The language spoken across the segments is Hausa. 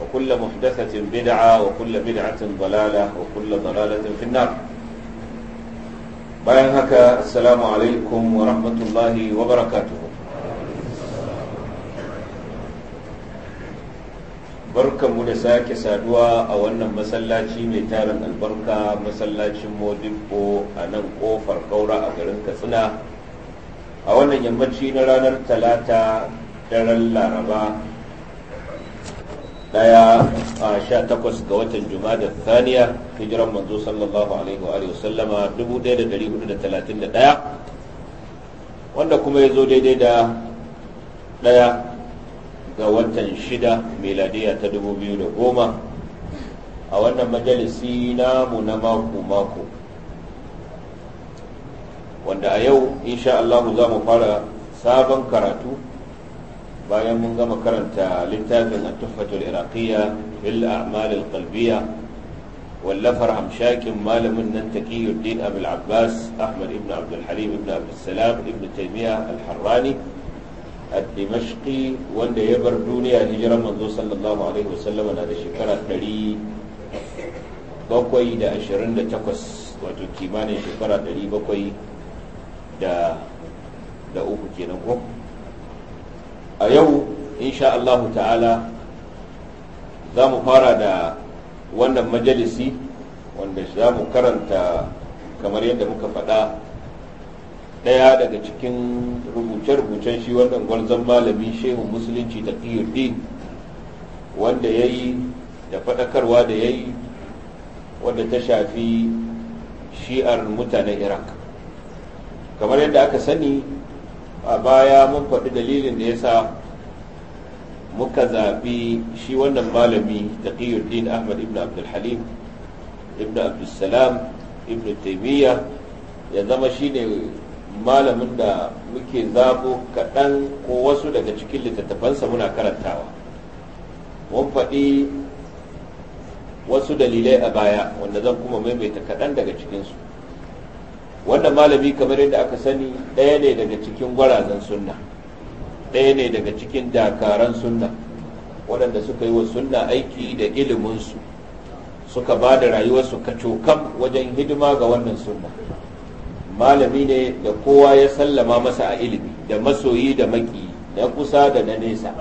وكل محدثة بدعة وكل بدعة ضلالة وكل ضلالة في النار bayan haka assalamu alaikum wa rahmatullahi wa barakatuhu barkanmu da sake saduwa a wannan masallaci mai tarin albarka masallacin modibbo a nan kofar kaura a garin katsina a wannan yammaci na ranar talata daren laraba daya a sha takwas ga watan jumada thaniya hijiran manzo sallallahu alaihi wa alihi da ɗaya, wanda kuma ya zo daidai da ɗaya ga watan shida meladiya ta dubu biyu da goma, a wannan majalisi namu na mako-mako wanda a yau insha Allah za mu fara sabon karatu bayan mun gama karanta littafin a tuhfatul iraqiyya fil a'mal qalbiyya wallafar hamshakin malamin nan taqiyuddin abul abbas ahmad ibn abd al-halim ibn abd salam ibn taymiya al-harrani ad wanda ya bar duniya hijiran manzo sallallahu alaihi wasallam na da shekara 728 wato kimanin shekara 700 da da uku kenan ko a yau insha Allahu ta'ala za mu fara da wannan majalisi wanda za mu karanta kamar yadda muka faɗa ɗaya daga cikin rubuce-rubucen shi wannan gwarzon malami shehun musulunci ta din wanda ya yi da faɗakarwa da ya yi wanda ta shafi shi'ar mutanen iraq kamar yadda aka sani a baya mun faɗi dalilin da yasa muka zaɓi shi wannan malami taqiyuddin ahmad ibn abdul halim ibn abdul salam ibn taimiyya ya zama shine malamin da muke zabo kaɗan ko wasu daga cikin littattafansa muna karantawa mun faɗi wasu dalilai a baya wanda zan kuma maimaita kaɗan daga cikinsu wannan malami kamar yadda aka sani ɗaya ne daga cikin gwarazan sunna ɗaya ne daga cikin dakaran sunna waɗanda suka yi wa sunna aiki da iliminsu suka ba da rayuwarsu cokam wajen hidima ga wannan sunna malami ne da kowa ya sallama masa a ilimi da masoyi da maki da kusa da na nesa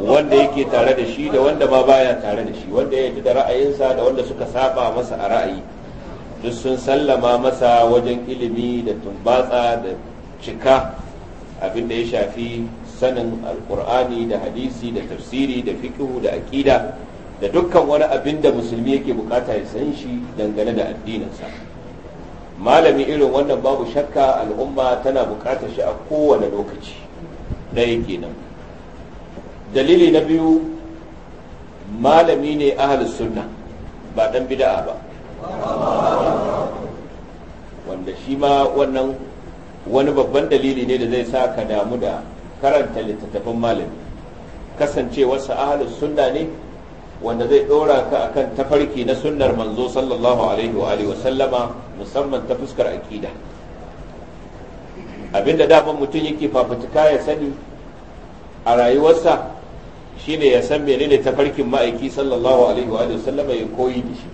wanda yake tare da shi da wanda ma baya tare da shi wanda ya yi da ra'ayinsa da wanda suka saba masa a ra'ayi duk sun sallama masa wajen ilimi da tumbatsa da cika abin da ya shafi sanin alkur'ani da hadisi da tafsiri da fikihu da aƙida da dukkan wani abin da musulmi yake bukata ya san shi dangane da addininsa malami irin wannan babu shakka al'umma tana bukatar shi a kowane lokaci ɗaya kenan dalili na biyu malami ne ahal sunna ba ɗan bida'a ba wanda shi ma wannan wani babban dalili ne da zai sa ka damu da karanta littattafan malami kasancewarsa ahalus sunna ne wanda zai ɗora ka a kan tafarki na sunnar manzo sallallahu alaihi wa alihi sallama musamman ta fuskar aƙida abinda daman mutum yake fafutuka ya sani a rayuwarsa shine ya san menene tafarkin ma'aiki sallallahu alaihi wa sallama ya koyi da shi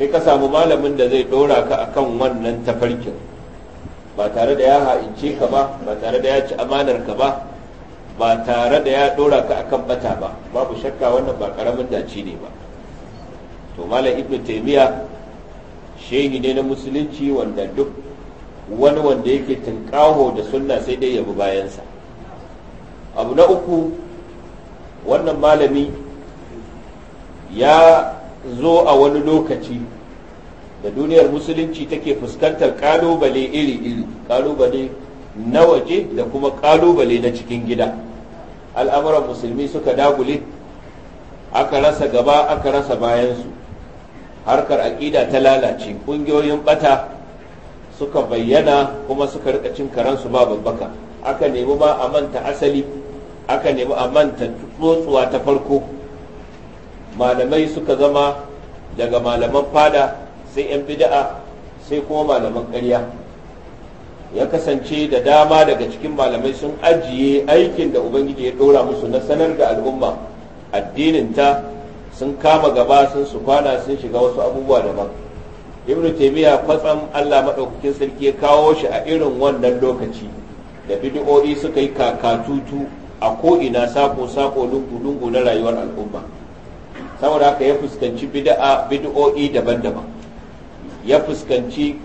sai ka samu malamin da zai ɗora ka akan wannan tafarkin ba tare da ya ha'ince ka ba ba tare da ya ci amanar ka ba ba tare da ya ɗora ka akan bata ba babu shakka wannan ba karamin daci ne ba to malam ibnu taymiya shehi ne na musulunci wanda duk wani wanda yake tunƙaho da sunna sai dai yabi bayansa abu na uku wannan malami ya zo a wani lokaci da duniyar musulunci take fuskantar kalubale iri-iri kalubale na waje da kuma kalubale na cikin gida al'amuran musulmi suka dagule aka rasa gaba aka rasa bayansu harkar aƙida ta lalace ƙungiyoyin ɓata suka bayyana kuma suka rika cin karansu ba babbaka aka nemi ba a manta asali aka nemi a manta tsotsuwa ta farko malamai suka zama daga malaman fada sai 'yan bida'a sai kuma malaman ƙarya ya kasance da dama daga cikin malamai sun ajiye aikin da ubangiji ya ɗora musu na sanar da al'umma addininta sun kama gaba sun su kwana sun shiga wasu abubuwa daban ibn taymiya kwatsam Allah maɗaukakin sarki ya kawo shi a irin wannan lokaci da bidi'o'i suka yi kakatutu a ko'ina sako sako lungu lungu na rayuwar al'umma saboda haka ya fuskanci bid'a bid'o'i daban-daban ya fuskanci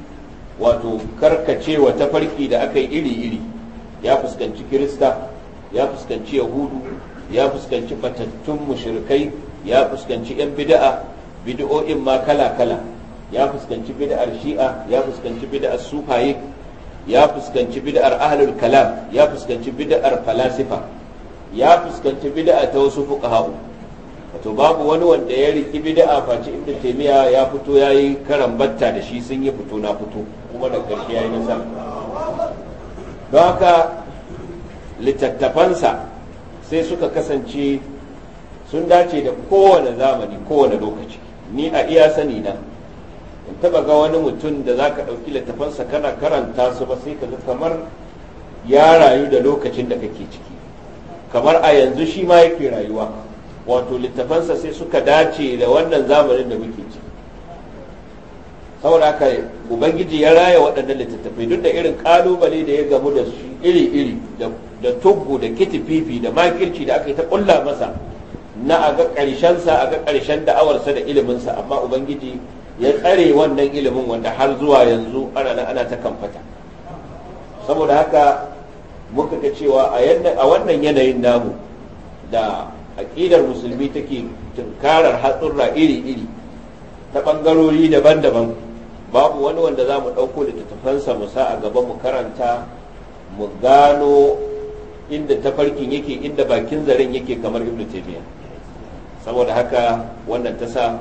wato karkacewa tafarki da aka yi iri-iri ya fuskanci kirista ya fuskanci yahudu ya fuskanci fatattun mushrikai ya fuskanci 'yan bid'a bid'o'in ma kala-kala ya fuskanci bid'ar shi'a ya fuskanci bid'ar sufaye ya fuskanci bid'ar ahlul kalam ya fuskanci bid'ar falasifa ya fuskanci bid'a ta wasu fuqaha'u to babu wani wanda ya riki bid'a face inda taimiya ya fito ya yayi batta da shi sun yi fito na fito kuma da ƙarshe ya nasa don haka littattafansa sai suka kasance sun dace da kowane zamani kowane lokaci ni a iya sani na in taba ga wani mutum da za ka ɗauki littattafansa kana karanta su ba sai ka kamar ya rayu da lokacin da kake ciki kamar a yanzu shi ma yake rayuwa wato littafansa sai suka dace da wannan zamanin da muke ci. saboda haka ubangiji ya raya waɗannan littattafai duk da irin kalubale da ya gamu da su iri-iri da tuggu da kitififi da makirci da aka yi ta ƙulla masa na a ga ƙarshensa a ga ƙarshen da'awarsa da iliminsa amma ubangiji ya tsare wannan ilimin wanda har zuwa yanzu ana nan ana ta kamfata saboda haka muka ga cewa a wannan yanayin namu da aƙidar musulmi take tunkarar hatsurra iri-iri ta bangarori daban-daban babu wani wanda za mu ɗauko littattafansa mu sa a gaba mu karanta mu gano inda tafarkin yake inda bakin zaren yake kamar ibn taymiya saboda haka wannan ta sa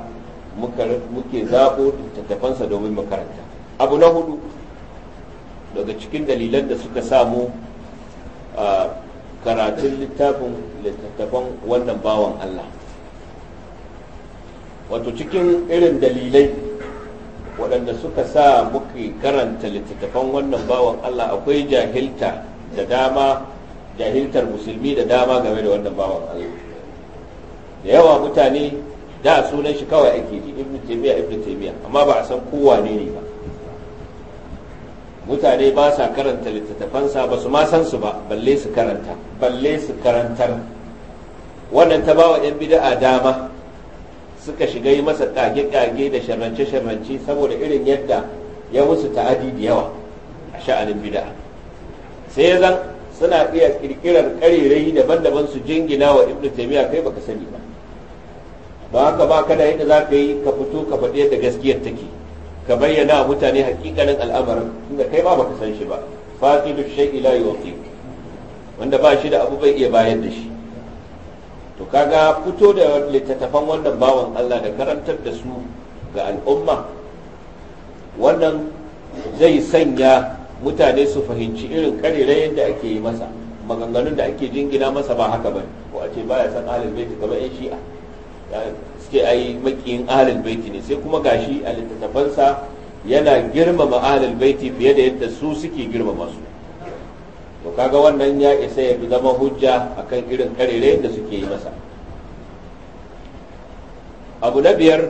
muke zaɓo littattafansa domin mu karanta abu na hudu daga cikin dalilan da suka samu ah, karatun littafin littattafan wannan bawan Allah wato cikin irin dalilai waɗanda suka sa muke karanta littattafan wannan bawan Allah akwai jahilta da dama jahiltar musulmi da dama game da wannan bawan Allah da yawa mutane da sunan shi kawai ake ji ibn taymiya ibn taymiya amma ba a san kowa ne ba mutane ba sa karanta littattafansa ba su ma san su ba balle su karanta balle su karantar wannan ta ba wa 'yan bida'a dama suka shiga yi masa kage-kage da sharrance-sharrance saboda irin yadda ya musu ta'adi da yawa a sha'anin bida'a sai ya zan suna iya kirkirar karerai daban-daban su jingina wa ibnu taymiya kai baka sani ba ba haka ba kada yadda za ka yi ka fito ka faɗi yadda gaskiyar take ka bayyana mutane hakikanin al'amarin tunda kai ba baka san shi ba fasidu shay ila yuqi wanda ba shi da abu bai iya bayar da shi to kaga fito da littattafan wannan bawan Allah da karantar da su ga al'umma wannan zai sanya mutane su fahimci irin karerayen yadda ake yi masa maganganun da ake jingina masa ba haka ba ko a ce baya san ahlul ta kamar yan shi'a a yi makiyin ahlul baiti ne sai kuma gashi a littattafansa yana girmama ahlul baiti fiye da yadda su suke girmama su to kaga wannan ya isa ya fi zama hujja akan irin karere da suke yi masa abu na biyar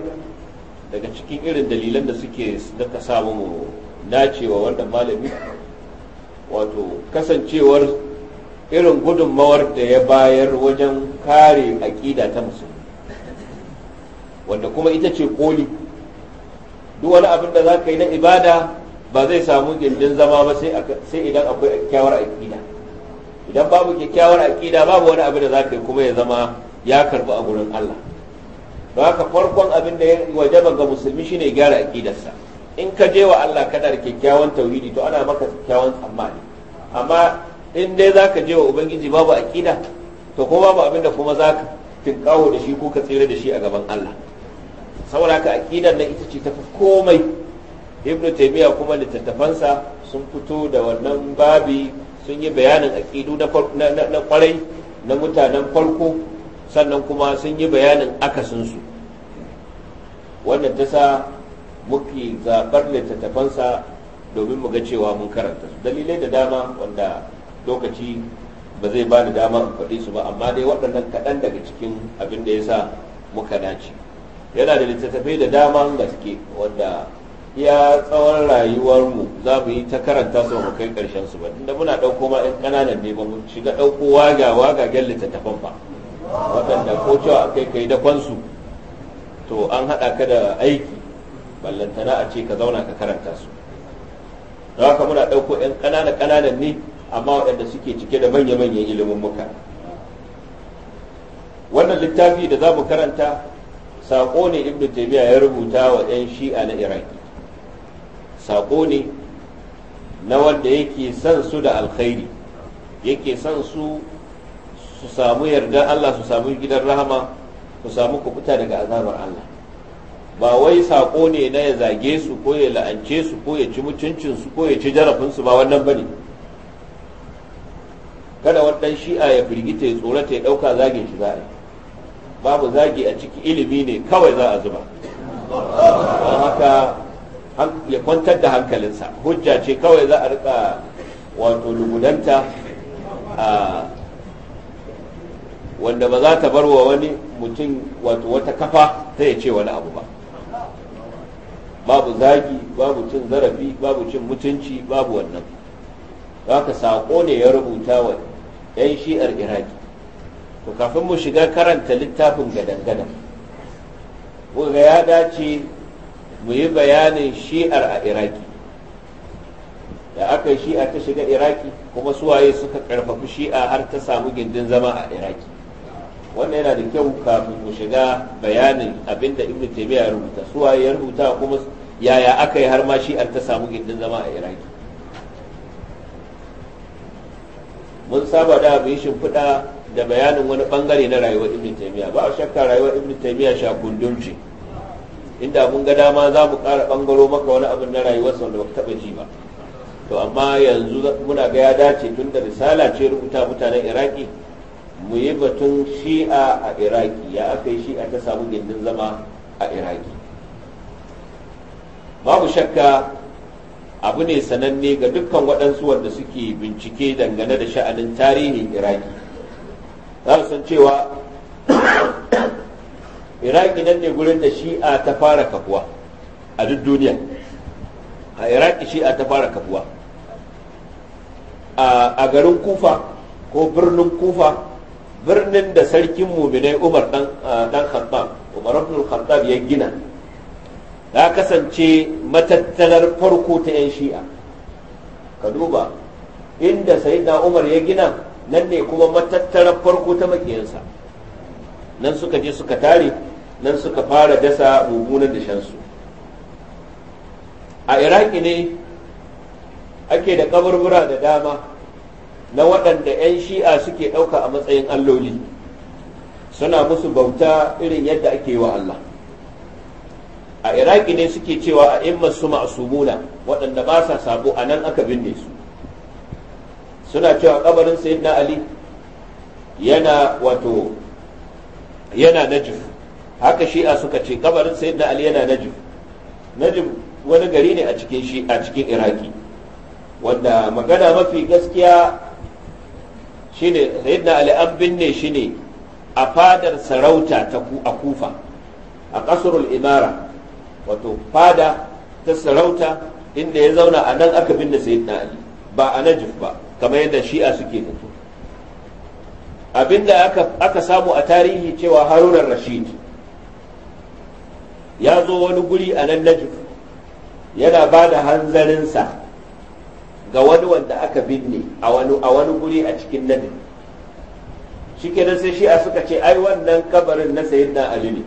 daga cikin irin dalilan da suke daga samu nacewa wannan malami wato kasancewar irin gudunmawar da ya bayar wajen kare aƙida ta musulmi wanda kuma ita ce koli duk wani abin da za ka yi na ibada ba zai samu gindin zama ba sai idan akwai kyakkyawar aƙida idan babu kyakkyawar aƙida babu wani abin da za ka yi kuma ya zama ya karbi a gurin Allah don haka farkon abin da ya wajaba ga musulmi shine gyara aƙidarsa in ka je wa Allah kana da kyakkyawan tauhidi to ana maka kyakkyawan tsammani amma in dai za ka je wa ubangiji babu aƙida to kuma babu abin da kuma za ka tinkawo da shi ko ka tsira da shi a gaban Allah saboda haka aqidar nan ita ce tafi komai ibnu taymiya kuma littattafansa sun fito da wannan babi sun yi bayanin aqidu na na kwarai na mutanen farko sannan kuma sun yi bayanin akasin su wannan ta sa muke zabar littattafansa domin mu ga cewa mun karanta su dalilai da dama wanda lokaci ba zai bani dama in faɗi su ba amma dai waɗannan kaɗan daga cikin abin da ya sa muka dace yana da littattafai da daman gaske wanda ya tsawon rayuwarmu za mu yi ta karanta su mu kai karshen su ba inda muna ɗauko ma 'yan ƙananan ne ba mu shiga ɗauko waga wagagen littattafan ba waɗanda ko cewa a kai kai dakonsu to an haɗa ka da aiki ballantana a ce ka zauna ka karanta su don haka muna ɗauko 'yan ƙananan ƙananan ne amma waɗanda suke cike da manya-manyan ilimin muka wannan littafi da za mu karanta saƙo ne ibn taymiya ya rubuta wa 'yan shi'a na iraq saƙo ne na wanda yake son su da alkhairi yake son su su samu yarda Allah su samu gidan rahama su samu kubuta daga azabar Allah ba wai saƙo ne na ya zage su ko ya la'ance su ko ya ci mutuncinsu ko ya ci jarafinsu ba wannan bane kada wani shi'a ya firgita ya tsorata ya ɗauka zagin shi za yi babu zagi a ciki ilimi ne kawai za a zuba don haka ya kwantar da hankalinsa hujja ce kawai za a rika wato lugudanta a wanda ba za ta bar wa wani mutum wato wata kafa ta ya ce wani abu ba babu zagi babu cin zarafi babu cin mutunci babu wannan za ka saƙo ne ya rubuta wa 'yan shi'ar iraki to kafin mu shiga karanta littafin gadan-gadan ga ya dace mu yi bayanin shi'ar a iraki da aka yi shi'a ta shiga iraki kuma suwaye suka karfafi shi'a har ta samu gindin zama a iraki wannan yana da kyau kafin mu shiga bayanin abinda ibn taymiya ya rubuta suwaye ya rubuta kuma yaya aka yi har ma shi'ar ta samu gindin zama a iraki mun saba da abin shimfiɗa da bayanin wani bangare na rayuwar ibn taymiya ba shakka rayuwar ibn taymiya sha gundum inda mun ga dama za mu kara bangaro maka wani abin na rayuwarsa wanda baka taba ji ba to amma yanzu muna ga ya dace tun da risala ce rubuta mutanen iraki mu yi batun shi'a a iraki ya aka yi shi'a ta samu gindin zama a iraki babu shakka abu ne sananne ga dukkan waɗansu wanda suke bincike dangane da sha'anin tarihin iraki za san cewa iraki nan ne gurin da shi'a ta fara kafuwa a duk duniya a iraki shi'a ta fara kafuwa a garin kufa ko birnin kufa birnin da sarkin muminai umar dan khattab umar abdul khattab ya gina ya kasance matattalar farko ta 'yan shi'a ka duba inda sayyidina umar ya gina nan ne kuma matattarar farko ta makiyansa nan suka je suka tare nan suka fara dasa mummunan shansu. a iraki ne ake da kaburbura da dama na waɗanda 'yan shi'a suke ɗauka a matsayin alloli suna musu bauta irin yadda ake yi wa Allah a iraki ne suke cewa a imma su ma'asumuna waɗanda ba sa sabo a nan aka binne su suna cewa kabarin sayyidina ali yana wato yana najif haka shi'a suka ce kabarin sayyidina ali yana najif najif wani gari ne a cikin shi a cikin iraki wanda magana mafi gaskiya shine sayyidina ali an binne shi ne a fadar sarauta ta a kufa a kasurul imara wato fada ta sarauta inda ya zauna a nan aka binne sayyidina ali ba a najif ba kamar yadda shi'a suke fito abinda aka, aka samu a tarihi cewa harunan rashid ya zo wani guri a nan najib yana ba da hanzarinsa ga wani wanda aka binne a wani guri a cikin najib shi kenan sai shi'a suka ce ai wannan kabarin na sayyidina ali ne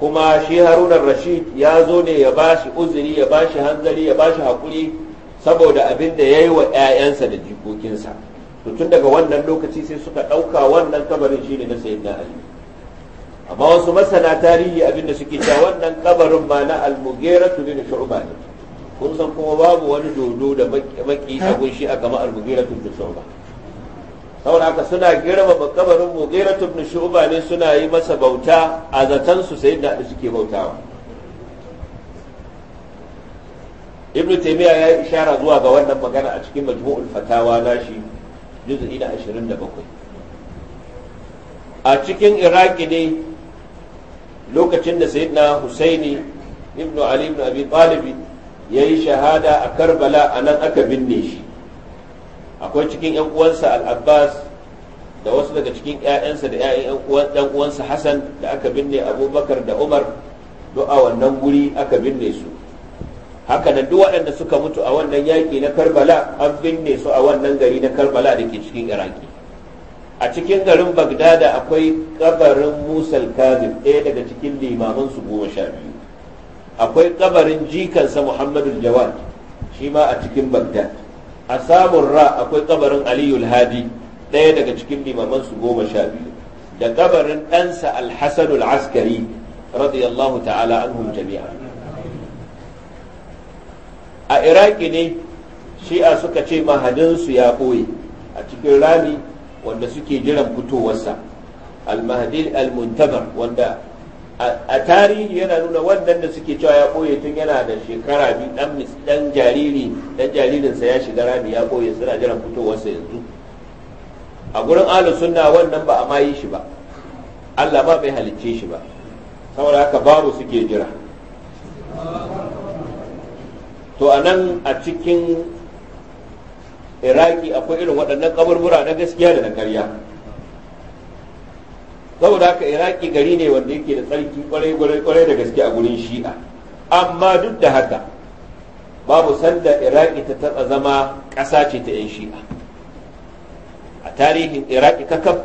kuma shi harunan rashid ya zo ne ya ba shi uzuri ya ba shi hanzari ya ba shi haƙuri saboda abin da ya yi wa 'ya'yansa da jikokinsa to tun daga wannan lokaci sai suka ɗauka wannan kabarin shine na na ali amma wasu masana tarihi abin da suke cewa wannan kabarin ma na almugera bin shu'ba ne kun san kuma babu wani dodo da maki a gunshi a gama almugera bin shu'ba saboda haka suna girmama kabarin mugera bin shu'ba ne suna yi masa bauta a zaton su da suke bautawa ibn taymiya ya yi ishara zuwa ga wannan magana a cikin majmu'ul fatawa nashi juz'i na 27 a cikin iraki ne lokacin da sayyidina husaini ibn ali ibn abi talib ya yi shahada a karbala a nan aka binne shi akwai cikin 'yan uwansa al-abbas da wasu daga cikin 'ya'yansa da 'ya'yan uwansa hassan da aka binne abubakar da umar duk a wannan guri aka binne su haka nan duk waɗanda suka mutu a wannan yaƙi na karbala an binne su a wannan gari na karbala da ke cikin iraki a cikin garin bagdada akwai kabarin musal kazim ɗaya daga cikin limaman su goma sha biyu akwai kabarin jikansa muhammadu jawad shi ma a cikin bagdad a samun ra akwai kabarin aliyul hadi ɗaya daga cikin limaman su goma sha biyu da kabarin ɗansa alhassanul askari radiyallahu ta'ala anhum jami'a a iraki ne shi'a suka ce mahadinsu ya ɓoye a cikin rami wanda suke jiran fitowarsa al almuntabar wanda a tarihi yana nuna wannan da suke cewa ya ɓoye tun yana da shekara biyu dan jariri dan jaririnsa ya shiga rami ya ɓoye suna jiran fitowarsa yanzu a gurin ahlus sunna wannan ba a ma yi shi ba Allah ba bai halicce shi ba saboda haka babu suke jira to a nan a cikin iraki akwai irin waɗannan kaburbura na gaskiya da na karya saboda haka iraki gari ne wanda yake da tsarki kwarai da gaske a gurin shi'a amma duk da haka babu sanda iraki ta taɓa zama ƙasa ce ta 'yan shi'a a tarihin iraki kakaf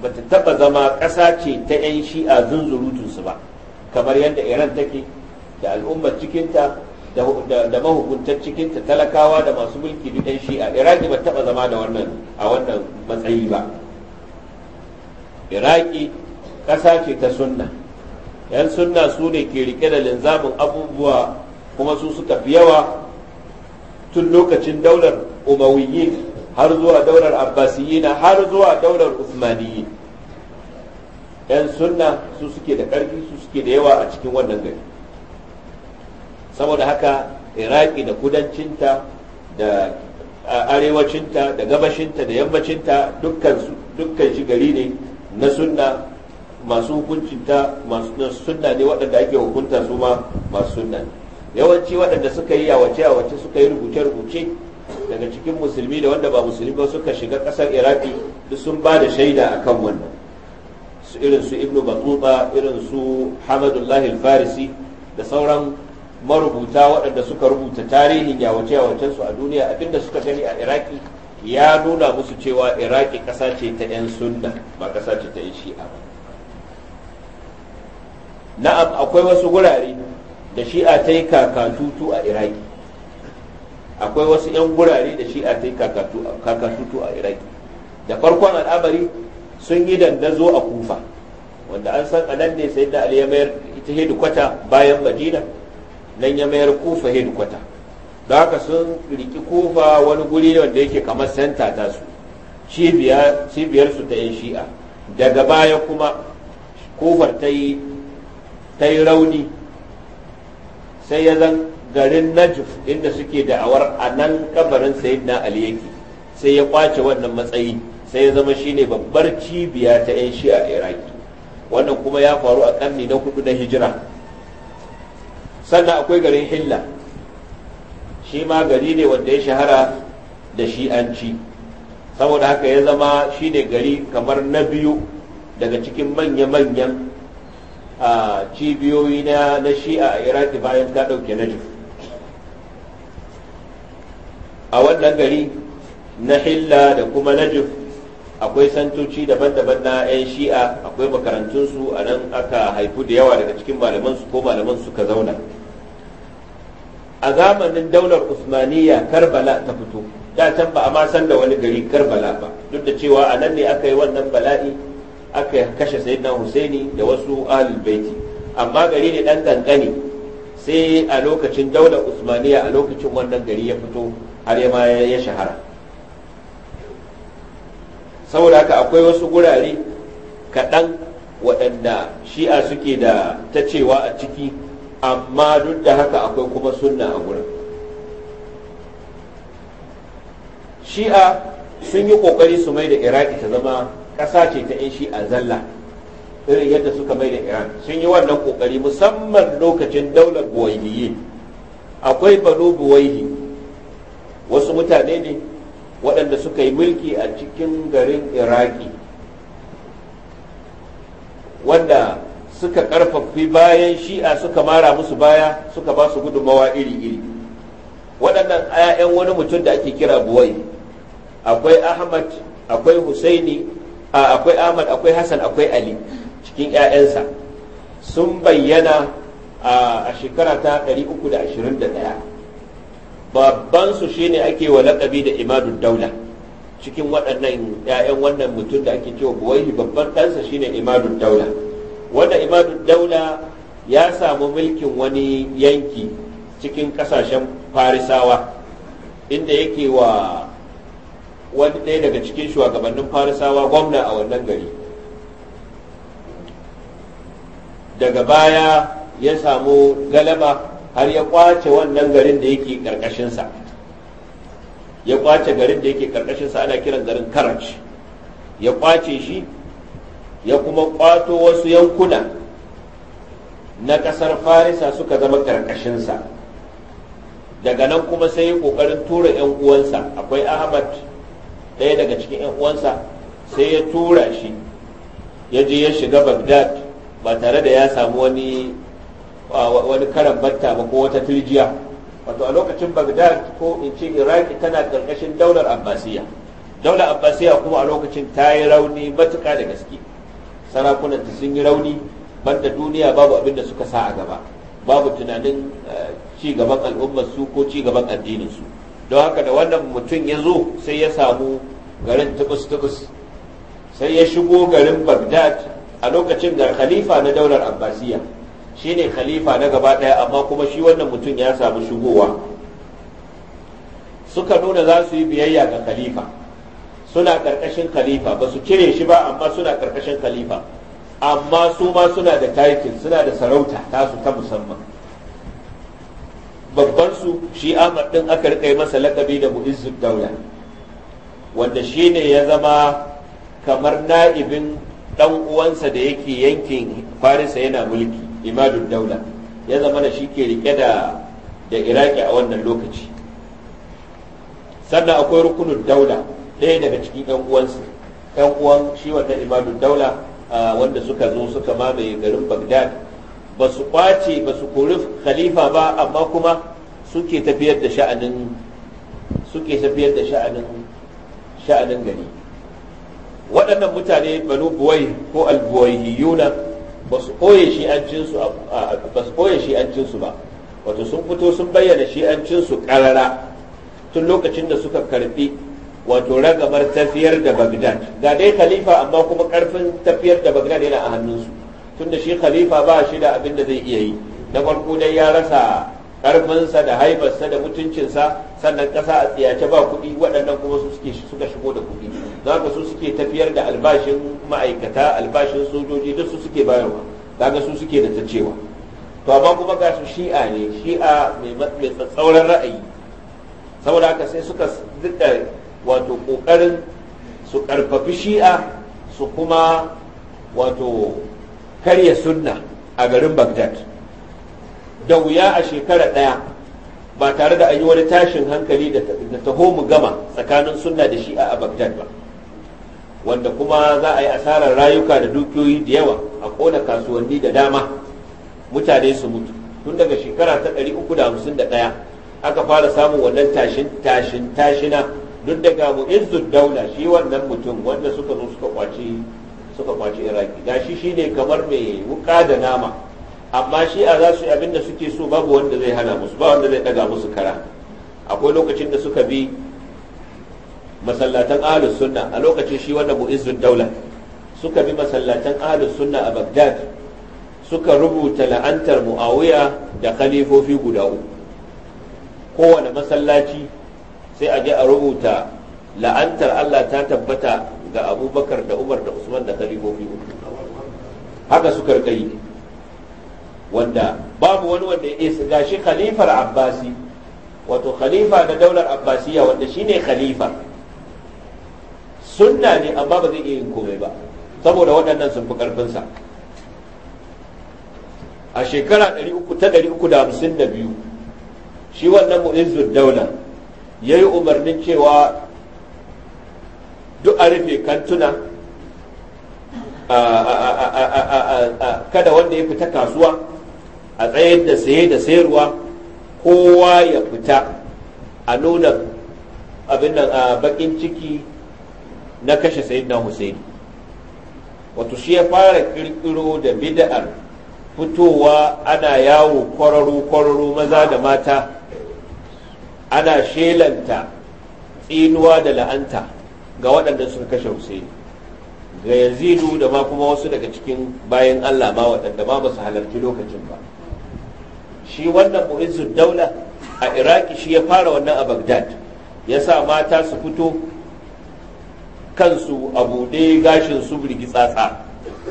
ba ta taɓa zama ƙasa ce ta 'yan shi'a zunzurutunsu ba kamar yadda iran take da al'ummar cikinta da mahukuntar cikin ta talakawa da masu mulki duk ɗan shi'a iraki ba taɓa zama da wannan a wannan matsayi ba iraki ƙasa ce ta sunna yan sunna su ne ke rike da linzamin abubuwa kuma su suka fi yawa tun lokacin daular umawiyyi har zuwa daular abbasiyina har zuwa daular usmaniyyi yan sunna su suke da ƙarfi su suke da yawa a cikin wannan gari saboda haka iraki da kudancinta da arewacinta da gabashinta da yammacinta dukkan shi gari ne na sunna masu hukuncinta masu sunna ne waɗanda ake hukunta su ma masu sunna yawanci waɗanda suka yi yawace yawace suka yi rubuce-rubuce daga cikin musulmi da wanda ba musulmi ba suka shiga ƙasar iraki duk sun ba da shaida akan wannan irin su ibnu batuba irin su hamadullahi farisi da sauran marubuta waɗanda suka rubuta tarihin yawace-yawacen su a duniya abinda suka gani a iraki ya nuna musu cewa iraki ƙasa ce ta 'yan sunna ba ƙasa ce ta 'yan shi'a ba na'am akwai wasu gurare da shi'a ta yi kakatutu a iraki akwai wasu 'yan gurare da shi'a ta yi kakatutu a iraki da farkon al'amari sun yi dandazo a kufa wanda an san anan ne sai da ya mayar ita hedikwata bayan madina nan ya mayar kofa hedikwata da haka sun riki kofa wani guri wanda yake kamar santa ta su cibiyarsu ta yan shi'a daga baya kuma kofar ta yi rauni sai ya zan garin najif inda suke da'awar a nan kabarin sayyidina ali yake sai ya kwace wannan matsayi sai ya zama shine babbar cibiya ta yan shi'a iraki wannan kuma ya faru a karni na hudu na hijira sannan akwai garin hilla shi ma gari ne wanda ya shahara da shi'anci saboda haka ya zama shi ne gari kamar na biyu daga cikin manya-manyan a cibiyoyi na shi'a a iraki bayan ta ɗauke najib a wannan gari na hilla da kuma najib akwai santoci daban-daban na 'yan shi'a akwai makarantunsu a nan aka haifu da yawa daga cikin malamansu ko malaman suka zauna a zamanin daular usmaniya karbala ta fito da can ba a ma san da wani gari karbala ba duk da cewa a nan ne aka yi wannan bala'i aka kashe sayyidina husaini da wasu ahlul baiti amma gari ne dan kankani sai a lokacin daular usmaniya a lokacin wannan gari ya fito har ma ya shahara saboda haka akwai wasu gurare kaɗan waɗanda shi'a suke da ta cewa a ciki amma duk da haka akwai kuma sunna a gurin shi'a sun yi kokari su mai da iraki ta zama ƙasa ce ta yin shi'a zalla irin yadda suka mai da iran sun yi wannan kokari musamman lokacin daular buwaidiyi akwai balo buwaihi wasu mutane ne waɗanda suka yi mulki a cikin garin iraki wanda suka ƙarfafi bayan shi'a suka mara musu baya suka ba su gudunmawa iri-iri waɗannan 'ya'yan wani mutum da ake kira buwai akwai ahmad akwai husaini akwai ahmad akwai hassan akwai ali cikin 'ya'yansa sun bayyana a shekara ta 321 babbansu shine ake wa laƙabi da imadun daula cikin waɗannan 'ya'yan wannan mutum da ake cewa buwai babban ɗansa shine imadun daula wanda imadu daula ya samu mulkin wani yanki cikin kasashen farisawa inda yake wa wani ɗaya daga cikin shugabannin farisawa gwamna a wannan gari daga baya ya samu galaba har ya kwace wannan garin da yake ƙarƙashinsa ya kwace garin da yake ƙarƙashinsa ana kiran garin karaci ya kwace shi ya kuma kwato wasu yankuna na kasar farisa suka zama karkashinsa daga nan kuma sai ya kokarin tura 'yan uwansa akwai ahmad ɗaya daga cikin 'yan uwansa sai ya tura shi ya je ya shiga bagdad ba tare da ya samu wani wani karan batta ba ko wata turjiya wato a lokacin bagdad ko in ce iraki tana karkashin daular abbasiya daular abbasiya kuma a lokacin ta yi rauni matuka da gaske sarakunan ta sun yi rauni banda duniya babu abin da suka sa a gaba babu tunanin eh, ci gaban al'ummar su ko ci gaban addinin su don haka da wannan mutum ya zo sai ya samu garin tukus-tukus sai ya shigo garin bagdad a lokacin da khalifa na daular abbasiya shi ne khalifa na gaba ɗaya amma kuma shi wannan mutum ya samu shigowa suka nuna za su yi biyayya ga khalifa suna karkashin khalifa ba su cire shi ba amma suna karkashin khalifa amma su ma suna da taitin suna da sarauta tasu ta musamman babban su shi Ahmad din aka rika masa lakabi da Mu'izzud Daula wanda shi ne ya zama kamar na'ibin dan uwansa da yake yankin Farisa yana mulki imadun Daula ya zama da shi ke rike da da Iraki a wannan lokaci sannan akwai rukunin daula ɗaya daga cikin ɗan uwansu yan uwan shi wannan imamin daula wanda suka zo suka mamaye garin bagdad ba su kwace ba su kori khalifa ba amma kuma suke tafiyar da sha'anin suke tafiyar da sha'anin sha'anin gari waɗannan mutane banu buwai ko albuwaihiyuna ba su koye shi'ancinsu ba su koye shi'ancinsu ba wato sun fito sun bayyana shi an cinsu ƙarara tun lokacin da suka karbi wato ragabar tafiyar da bagdad ga dai khalifa amma kuma karfin tafiyar da bagdad yana a hannunsu tunda shi khalifa ba shi da abin da zai iya yi na farko dai ya rasa karfinsa da haifarsa da mutuncinsa sannan ƙasa a tsiyace ba kuɗi waɗannan kuma su suke suka shigo da kuɗi za ka su suke tafiyar da albashin ma'aikata albashin sojoji duk su suke bayarwa kaga su suke da ta cewa to amma kuma ga su shi'a ne shi'a mai tsatsauran ra'ayi saboda haka sai suka duka wato kokarin su karfafi shi'a su kuma wato karya sunna a garin bagdad da wuya a shekara ɗaya ba tare da an yi wani tashin hankali da taho mu gama tsakanin sunna da shi'a a bagdad ba wanda kuma za a yi asarar rayuka da dukiyoyi da yawa a kona kasuwanni da dama mutane su mutu tun daga shekara ta 351 aka fara samun wannan tashin tashin tashina duk daga mu'izzud daula shi wannan mutum wanda suka zo suka kwaci suka kwaci iraki gashi shine kamar mai wuka da nama amma shi a za su yi abinda suke so babu wanda zai hana musu ba wanda zai daga musu kara akwai lokacin da suka bi masallatan ahlus sunna a lokacin shi wannan mu'izzud daula suka bi masallatan ahlus sunna a Baghdad suka rubuta la'antar muawiya da khalifofi guda uku kowane masallaci sai a je a rubuta la'antar Allah ta tabbata ga abubakar da umar da usman da khalifofi uku haka su rika wanda babu wani wanda ya isa gashi khalifar abbasi wato khalifa da daular abbasiya wanda shine khalifa sunna ne amma ba zai iya yin komai ba saboda waɗannan sun fi ƙarfinsa a shekara 352 shi wannan mu'izzud daular ya yi umarnin cewa duk a rufe kantuna kada wanda ya fita kasuwa a tsayar da saye da sayarwa kowa ya fita a nuna abin nan bakin ciki na kashe na Husaini wato shi ya fara kirkiro da bida'ar fitowa ana yawo kwararo kwararo maza da mata ana shelanta tsinuwa da la'anta ga waɗanda sun kashe Hussein ga Yazidu da ma kuma wasu daga cikin bayan Allah ma waɗanda ma ba su halarci lokacin ba shi wannan mu'izzud daula a Iraki shi ya fara wannan a bagdad ya sa mata su fito kansu a buɗe gashin su tsatsa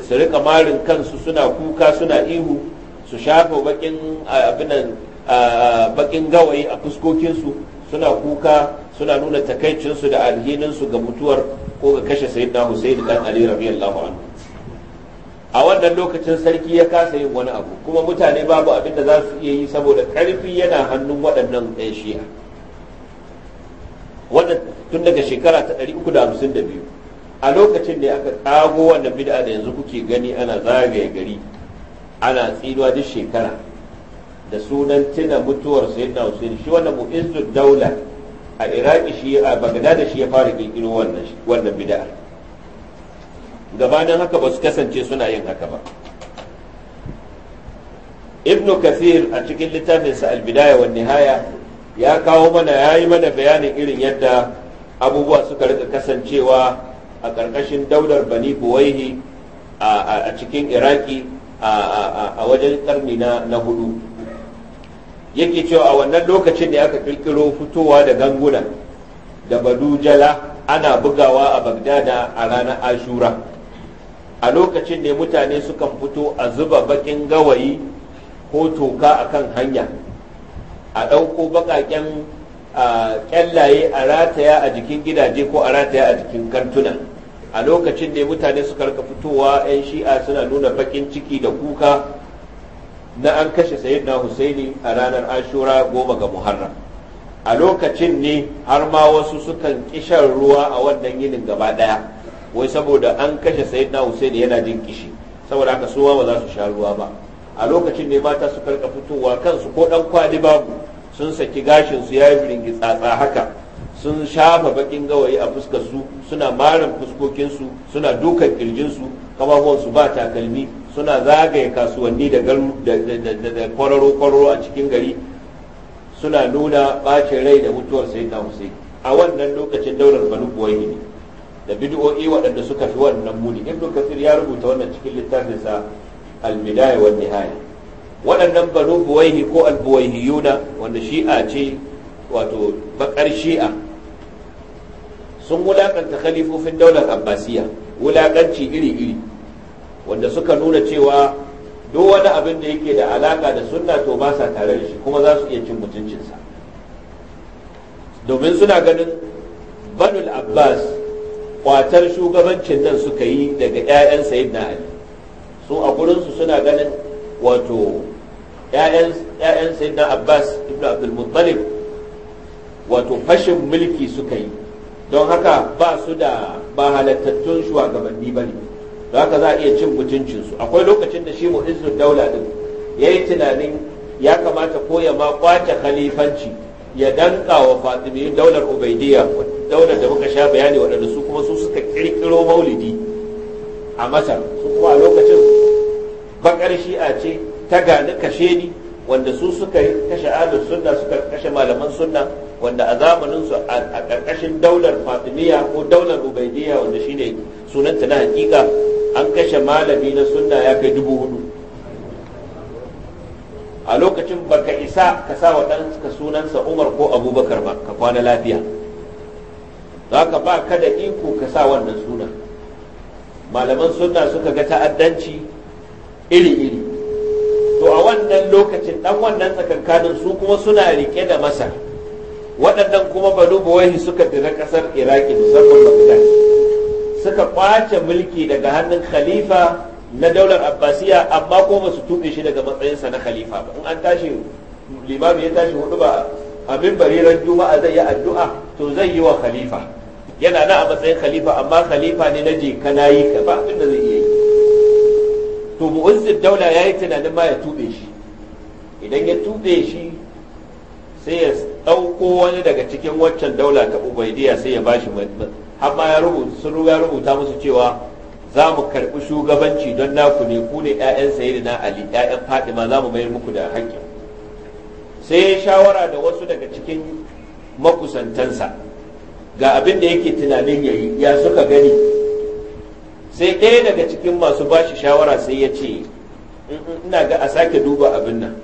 su rika marin kansu suna kuka suna ihu su shafa bakin abinan bakin gawayi a fuskokinsu suna kuka suna nuna takaicinsu da alhininsu ga mutuwar ko ga kashe sayyidina Husaini dan Ali radiyallahu anhu a wannan lokacin sarki ya kasa yin wani abu kuma mutane babu abin da za su iya yi saboda karfi yana hannun waɗannan ɗan shi'a wanda tun daga shekara ta 352 a lokacin da aka kago wannan bid'a da yanzu kuke gani ana zagaye gari ana tsinuwa duk shekara da sunan tuna mutuwar sayyidina Hussein shi wannan mu'izzud daula a Iraki shi a Baghdad shi ya fara kirkiro wannan wannan bid'a gabanin haka ba su kasance suna yin haka ba ibnu kathir a cikin littafinsa al-bidaya wa nihaya ya kawo mana ya yi mana bayanin irin yadda abubuwa suka rika kasancewa a ƙarƙashin daular bani buwaihi a cikin iraki a wajen karni na hudu yake cewa a wannan lokacin da aka kirkiro fitowa da ganguna da badujala ana bugawa a bagdada a ranar ashura a lokacin ne mutane sukan fito a zuba bakin gawayi ko toka a kan hanya a ɗauko baƙaƙen ƙyallaye a rataya a jikin gidaje ko a rataya a jikin kantuna a lokacin da mutane suka rika fitowa 'yan shi'a suna nuna bakin ciki da kuka na an kashe sayyidina husaini a ranar ashura goma ga muharram a lokacin ne har ma wasu sukan kishan ruwa a wannan yinin gaba daya wai saboda an kashe sayyidina husaini yana jin kishi saboda haka suwa ba za su sha ruwa ba a lokacin ne mata su karka fitowa kansu ko dan kwali babu sun saki gashin su yayi biringi tsatsa haka sun shafa bakin gawayi a fuskar su suna marin fuskokin su suna dukan kirjin su kafafuwansu ba takalmi suna zagaye kasuwanni da kwararo-kwararo a cikin gari suna nuna bacin rai da mutuwar sai na hussein a wannan lokacin daular banu ne da bid'o'i waɗanda suka fi wannan muni ibn kafir ya rubuta wannan cikin littafinsa al-bidaya wa nihaya waɗannan banu ko al yuna wanda shi'a ce wato bakar shi'a sun wulakanta khalifofin daular abbasiya wulaƙanci iri-iri wanda suka nuna cewa duk wani abin da yake da alaƙa da sunna to ba sa tare da shi kuma za su iya cin mutuncinsa domin suna ganin banul abbas kwatar shugabancin nan suka yi daga 'ya'yan sayid na ali su a gurinsu suna ganin wato 'ya'yan sayid na abbas ibn abdulmuttalib wato fashin mulki suka yi don haka ba su da ba halattattun shugabanni ba ne don haka za a iya cin mutuncinsu akwai lokacin da shi mu'izzun daula din ya yi tunanin ya kamata ko ya ma kwace khalifanci ya danka wa yin daular ubaidiyya daular da muka sha bayani waɗanda su kuma su suka kirkiro maulidi a masar su kuma a lokacin bakar shi'a ce ta gani kashe ni wanda su suka kashe adul sunna suka kashe malaman sunna wanda a zamaninsu a ƙarƙashin daular fatimiyya ko daular ubaidiyya wanda shine sunanta na hakika an kashe malami na sunna ya kai dubu hudu a lokacin baka isa ka sa wa sunansa umar ko abubakar ba ka kwana lafiya za ka ba ka da iko ka sa wannan suna malaman sunna suka ga ta'addanci iri-iri to a wannan lokacin ɗan wannan tsakankanin su kuma suna rike da masar waɗannan kuma banu buwaihi suka dira ƙasar iraki musamman bagdad suka kwace mulki daga hannun khalifa na daular abbasiya amma ko ba su tuɓe shi daga matsayinsa na khalifa ba in an tashi limami ya tashi hudu ba a mimbari ran juma'a zai yi addu'a to zai yi wa khalifa yana na a matsayin khalifa amma khalifa ne na je ka yi ka ba abin da zai iya yi to daular daula yi tunanin ma ya tuɓe shi idan ya tuɓe shi sai ya ɗauko wani daga cikin waccan daula ta ubaidiya sai ya bashi har ma ya rubuta ya rubuta musu cewa za mu karɓi shugabanci don naku ne ku ne 'ya'yan sayyidina ali 'ya'yan fatima za mu mayar muku da haƙƙin sai ya shawara da wasu daga cikin makusantansa ga abin da yake tunanin yayi ya suka gani sai ɗaya daga cikin masu bashi shawara sai ya ce ina ga a sake duba abin nan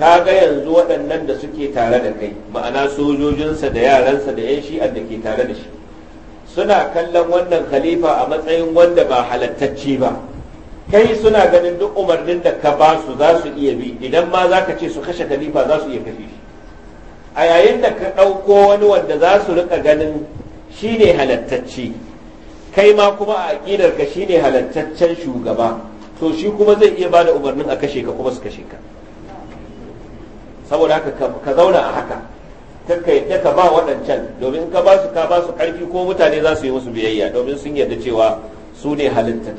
ga yanzu waɗannan da suke tare da kai ma'ana sojojinsa da yaransa da 'yan shi'ar da ke tare da shi suna kallon wannan khalifa a matsayin wanda ba halattacce ba kai suna ganin duk umarnin da ka ba su za su iya bi idan ma za ka ce su kashe khalifa za su iya kashe shi a yayin da ka ɗauko wani wanda za su rika ganin shi ne halattacce kai ma kuma a aƙidar ka shi ne halattaccen shugaba to shi kuma zai iya ba da umarnin a kashe ka kuma su kashe ka saboda haka ka zauna a haka kakka yadda ka ba waɗancan domin ka ba su ka ba su ƙarfi ko mutane za su yi musu biyayya domin sun yarda cewa su ne halitta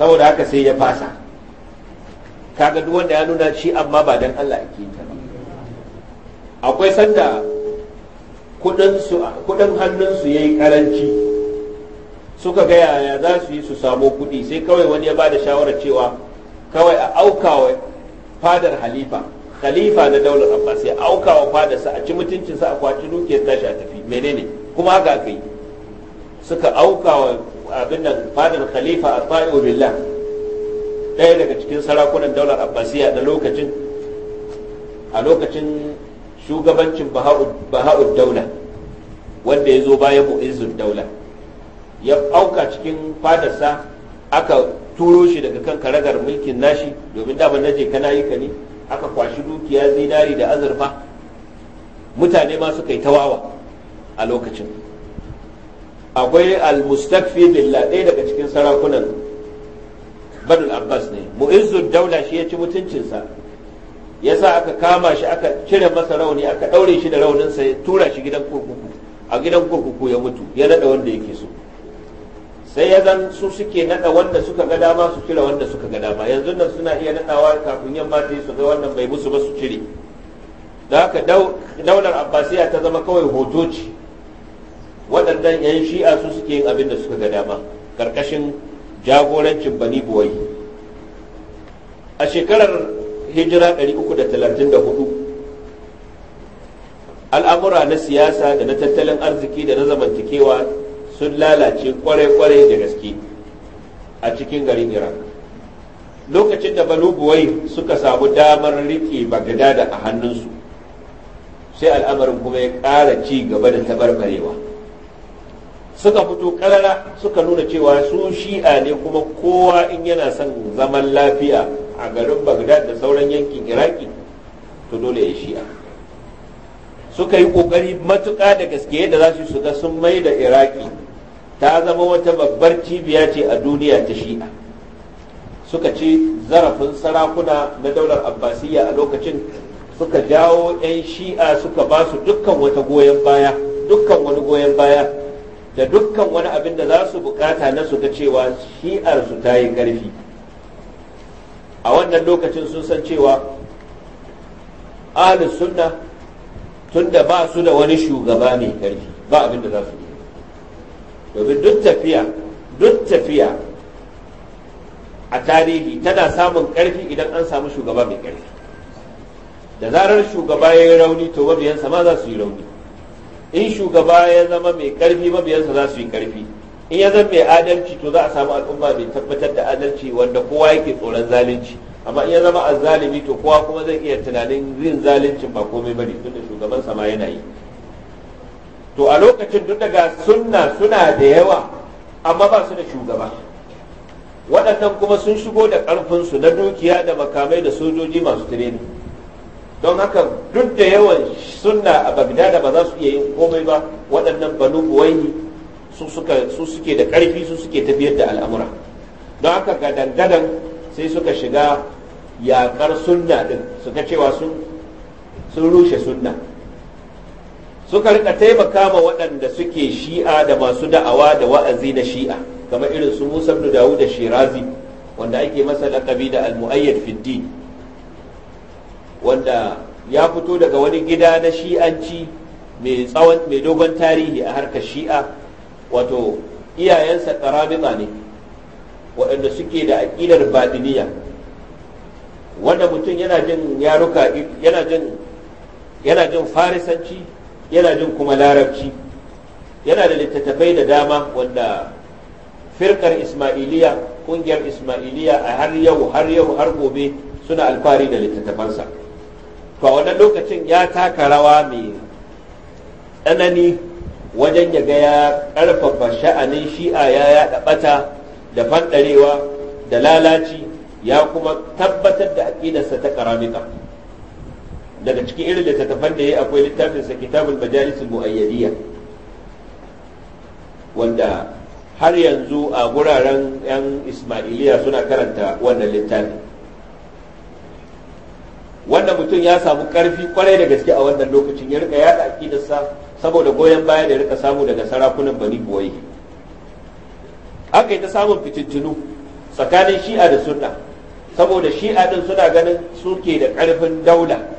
saboda haka sai ya fasa kaga duk wanda ya nuna shi amma ba dan Allah ake yi ba akwai sanda kudin su kudin hannun su yayi karanci suka ga yaya za su yi su samo kudi sai kawai wani ya ba da shawarar cewa kawai a aukawa fadar halifa khalifa na daular abbasiya aukawa fadarsa a ci mutuncinsa a kwaci duke tashi a tafi menene kuma haka aka yi suka aukawa abin nan fadar khalifa a billah ɗaya daga cikin sarakunan daular abbasiya da lokacin a lokacin shugabancin baha'ud daula wanda ya zo bayan mu'izzun daula ya auka cikin fadarsa aka turo shi daga kan karagar mulkin nashi domin daman naje kana yi ka ne aka kwashi dukiya zinari da azurfa mutane ma suka yi tawawa a lokacin akwai al-mustakfi billah ɗaya daga cikin sarakunan badul abbas ne mu'izzu daula shi ya ci mutuncinsa ya sa aka kama shi aka cire masa rauni aka ɗaure shi da rauninsa ya tura shi gidan kurkuku a gidan kurkuku ya mutu ya naɗa wanda yake so sai ya zan su suke nada wanda suka ga dama su cire wanda suka ga dama yanzu nan suna iya nadawa kafin yamma ta yi su ga wannan bai musu ba su cire da haka daular abbasiya ta zama kawai hotoci. ce waɗannan 'yan shi'a su suke yin abin da suka ga dama ƙarƙashin jagorancin bani buwai a shekarar hijira 334 al'amura na siyasa da na tattalin arziki da na zamantakewa sun lalace kwarai-kwarai da gaske a cikin garin iraq lokacin da balubuwai suka samu damar riƙe Bagadada a hannunsu sai al'amarin kuma ya ƙara ci gaba da tabarbarewa suka fito ƙarara suka nuna cewa su shi'a ne kuma kowa in yana son zaman lafiya a garin bagdad da sauran yankin iraki to dole ya shi'a suka yi ƙoƙari matuƙa da gaske da za su shiga sun mai da iraki ta zama wata babbar cibiya ce a duniya ta shi'a suka ci zarafin sarakuna na daular abbasiyya a lokacin suka jawo 'yan shi'a suka ba su dukkan wata goyon baya dukkan wani goyon baya da dukkan wani abin da za su bukata na su ga cewa shi'ar su ta yi ƙarfi a wannan lokacin sun san cewa ahlus sunna tunda ba su da wani shugaba mai ƙarfi ba abin da za su yi domin duk tafiya duk tafiya a tarihi tana samun ƙarfi idan an samu shugaba mai ƙarfi da zarar shugaba ya yi rauni to mabiyansa ma za su yi rauni in shugaba ya zama mai karfi mabiyansa za su yi ƙarfi in ya zama mai adalci to za a samu al'umma mai tabbatar da adalci wanda kowa yake tsoron zalunci amma in ya zama azzalimi to kowa kuma zai iya tunanin yin zaluncin ba komai bane tunda shugabansa ma yana yi to a lokacin duk daga sunna suna da yawa amma ba su da shugaba waɗannan kuma sun shigo da ƙarfinsu na dukiya da makamai da sojoji masu tireni don haka duk da yawan sunna a bagdada ba za su iya yin komai ba waɗannan banu buwai su suke da ƙarfi su suke tafiyar da al'amura don haka gadan-gadan sai suka shiga yaƙar sunna din suka cewa sun rushe sunna suka rika taimaka ma waɗanda suke shi'a da masu da'awa da wa'azi na shi'a kamar irin su Musa ibn Dawud da Shirazi wanda ake masa laqabi da al-mu'ayyad fi wanda ya fito daga wani gida na shi'anci mai tsawon mai dogon tarihi a harkar shi'a wato iyayensa karamita ne waɗanda suke da aƙidar batiniya wanda mutum yana jin yaruka yana jin yana jin farisanci yana jin kuma larabci yana da littattafai da dama wanda firkar ismailiya kungiyar ismailiya a har yau har yau har gobe suna alfahari da littattafansa to a wannan lokacin ya taka rawa mai tsanani wajen ya ga ya karfafa sha'anin shi'a ya yaɗa ɓata da fanɗarewa da lalaci ya kuma tabbatar da aƙidarsa ta karamika daga cikin irin littattafan da ya akwai littafin sa kitabul majalis muayyadiyya wanda har yanzu a guraren yan ismailiya suna karanta wannan littafin wannan mutum ya samu karfi kwarai da gaske a wannan lokacin ya rika yada sa saboda goyon baya da ya rika samu daga sarakunan bani buwai aka yi ta samun fitintunu tsakanin shi'a da sunna saboda shi'a din suna ganin suke da karfin daula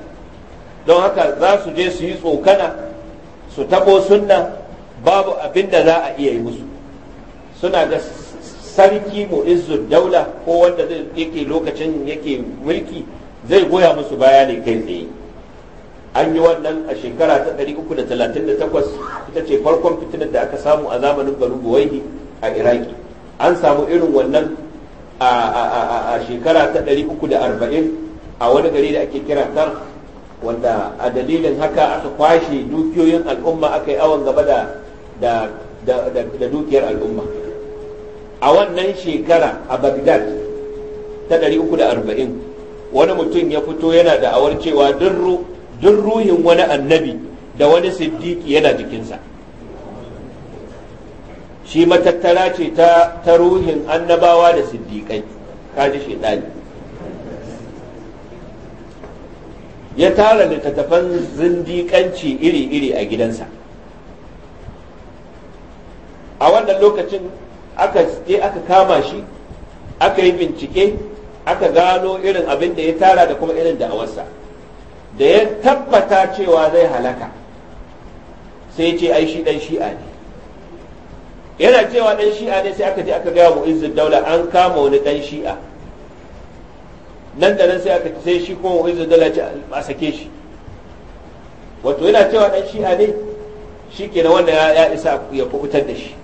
don haka za su je su yi tsokana su tabo sunna babu abin da za a iya yi musu suna ga sarki mu'izzun daula ko wanda zai yake lokacin yake mulki zai goya musu baya ne kai tsaye an yi wannan a shekara ta 338 ita ce farkon fitinar da aka samu a zamanin garin buwaihi a iraki an samu irin wannan a shekara ta 340 a wani gari da ake kira wanda a dalilin haka aka kwashe dukiyoyin al'umma aka yi awon gaba da dukiyar al'umma a wannan shekara a bagdad ta 340 wani mutum ya fito yana da awar cewa duk ruhin wani annabi da wani siddiki yana jikinsa shi matattara ce ta ruhin annabawa da siddiƙai kaji shaidani ya tara littattafan zindikanci iri-iri a gidansa a wannan lokacin aka je aka kama shi aka yi bincike aka gano irin abin da ya tara da kuma irin da'awarsa da ya tabbata cewa zai halaka sai ce ai shi dan shi'a ne yana cewa dan shi'a ne sai aka je aka gaya mu'izzin daula an kama wani dan shi'a nan da nan sai aka sai shi kuma zai dala ce a sake shi wato yana cewa dan shi'a ne shi ke na wanda ya isa ya kubutar da shi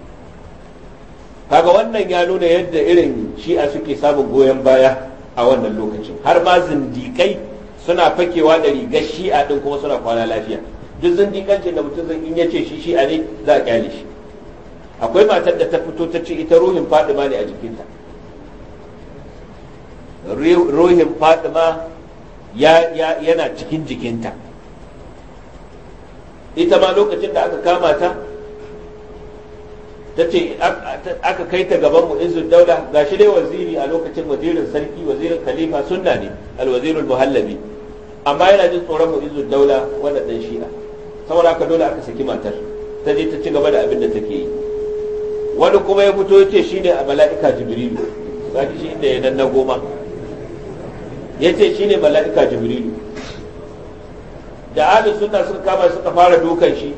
kaga wannan ya nuna yadda irin shi'a suke samun goyon baya a wannan lokacin har ma zindikai suna fakewa da rigar shi'a din kuma suna kwana lafiya duk zindikancin da mutum zan in ya ce shi shi'a ne za a kyale shi akwai matar da ta fito ta ce ita ruhin fadima ne a jikinta ruhin fatima yana cikin jikinta ita ma lokacin da aka kama ta ta ce aka kai ta gaban mu'izzul daula ga shi dai waziri a lokacin wazirin sarki wazirin khalifa sunna ne alwazirul muhallabi amma yana jin tsoron mu'izzul daula wanda dan shi'a saboda haka dole aka saki matar ta je ta ci gaba da abin da take yi wani kuma ya fito ya ce shine a mala'ika jibrilu ki shi inda ya nan na goma ya yace shine mala'ika jibrilu da ahlus sunna suka kama suka fara dokan shi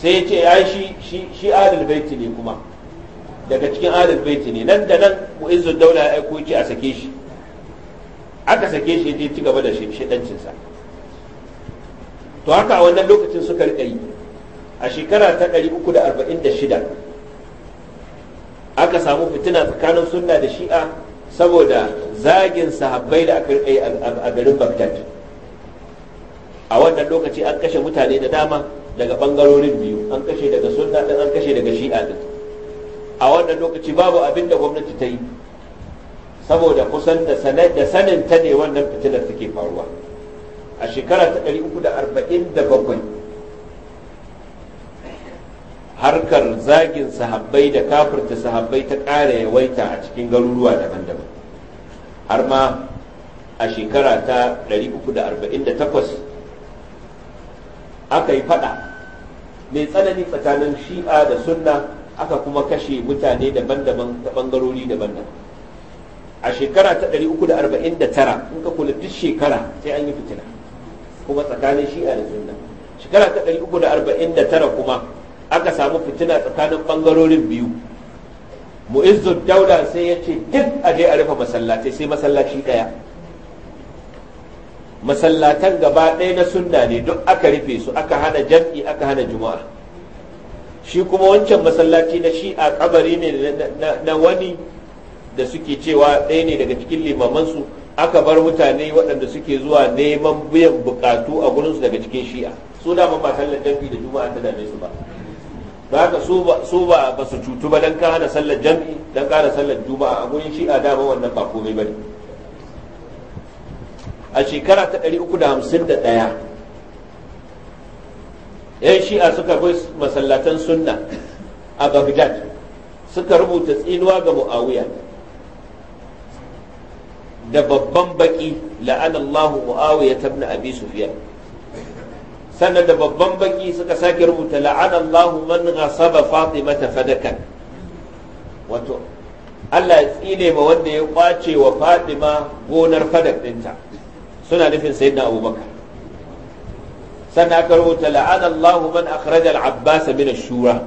sai yace ya shi shi shi baiti ne kuma daga cikin ahlul baiti ne nan da nan mu'izzud daula ya aiko ce a sake shi aka sake shi je ci gaba da shi to haka a wannan lokacin suka rika yi a shekara ta 346 aka samu fitina tsakanin sunna da shi'a saboda zagin sahabbai da aka yi a garin bagdad a wannan lokaci an kashe mutane da dama daga bangarorin biyu an kashe daga sunna din an kashe daga shi'a din a wannan lokaci babu abin da gwamnati ta yi saboda kusan da sanar da sanin ta ne wannan fitilar take faruwa a shekara ta 347 harkar zagin sahabbai da kafirta sahabbai ta ƙara yawaita a cikin garuruwa daban-daban har ma a shekara ta 348 aka yi fada mai tsanani tsakanin shi'a da sunna aka kuma kashe mutane daban-daban ta bangarori daban-daban a shekara ta 349 in ka kula duk shekara sai an yi fitina kuma tsakanin shi'a da sunna shekara ta 349 kuma aka samu fitina tsakanin bangarorin biyu mu'izzud dauda sai ya ce duk a je a rufe masallatai sai masallaci daya masallatan gaba ɗaya na sunna ne duk aka rufe su aka hana jam'i aka hana juma'a shi kuma wancan masallaci na shi'a kabari ne na wani da suke cewa ɗaya ne daga cikin limamansu aka bar mutane waɗanda suke zuwa neman biyan bukatu a gurinsu daga cikin shi'a su da ba sallar jam'i da juma'a ta dame su ba ba ka so ba ba su cutu ba don kana sallar jam'i don kana sallar juma'a a gurin shi a dama wannan ba komai ne. a shekara ta 351 yan shi'a suka bai masallatan sunna a Baghdad suka rubuta tsinuwa ga Muawiya da babban baki la'anallahu Muawiya ibn Abi sufiyan. sannan da babban baki suka sake rubuta la'ana Allahu man ghasaba Fatima ta fadakan wato Allah ya tsine ma wanda ya kwace wa Fatima gonar fadak dinta suna nufin sayyidina Abubakar sannan aka rubuta la'ana Allahu man akhraja al-Abbas min ash-shura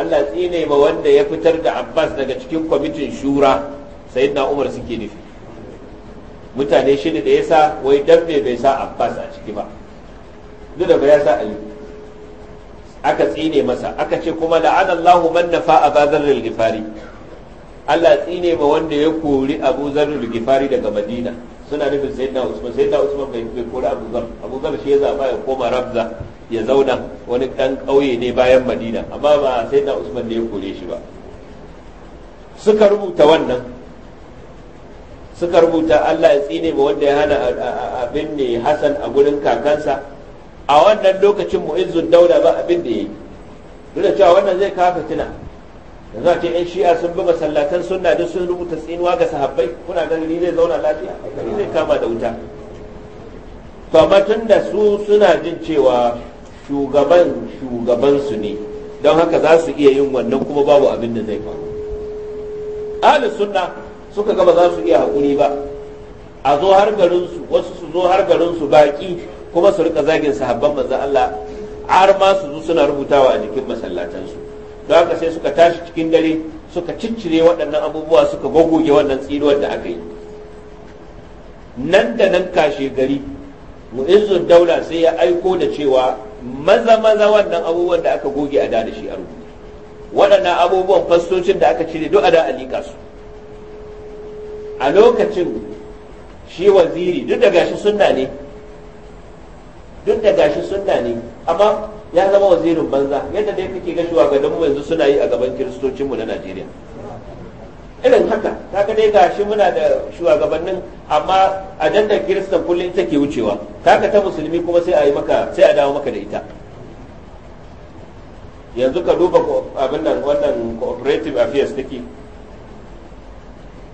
Allah ya tsine ma wanda ya fitar da Abbas daga cikin kwamitin shura sayyidina Umar suke nufi mutane shida da yasa wai dambe bai sa Abbas a ciki ba duk da ya sa ali aka tsine masa aka ce kuma Allahu man nafa aba zarrul gifari Allah tsine ma wanda ya kori Abu Zarrul Gifari daga Madina suna nufin Sayyidina Usman Sayyidina Usman bai bai kori Abu Zar Abu Zar shi ya zaba ya koma Rabza ya zauna wani dan kauye ne bayan Madina amma ba Sayyidina Usman ne ya kore shi ba suka rubuta wannan suka rubuta Allah ya tsine ma wanda ya hana abin ne Hassan a gurin kakansa a wannan lokacin mu'izzun daula ba abin da yi. duk da cewa wannan zai kafa tuna yanzu a ce yan shi'a sun bi masallatan sunna duk sun rubuta tsinuwa ga sahabbai kuna ganin ni zai zauna lafiya ni zai kama da wuta to amma tunda su suna jin cewa shugaban shugaban su ne don haka za su iya yin wannan kuma babu abin da zai faru ahli sunna suka ga ba za su iya hakuri ba a zo har garin su wasu su zo har garin su kuma su rika zagin sahabban manzan Allah har ma su zo suna rubutawa a jikin masallatansu don haka sai suka tashi cikin dare suka ciccire waɗannan abubuwa suka gogoge wannan tsiruwar da aka yi nan da nan kashe gari mu'izzun daula sai ya aiko da cewa maza maza wannan abubuwan da aka goge a da shi a rubutu waɗannan abubuwan fastocin da aka cire duk a da alika su a lokacin shi waziri duk da gashi sunna ne duk da gashi sunna ne amma ya zama wazirin banza yadda dai kake ga shugabanninmu yanzu suna yi a gaban kiristocinmu na Najeriya irin haka ga dai gashi muna da shugabannin amma ajandar kirista kullum ita ke wucewa kaga ta musulmi kuma sai a yi maka sai a dawo maka da ita yanzu ka duba abin nan wannan cooperative affairs take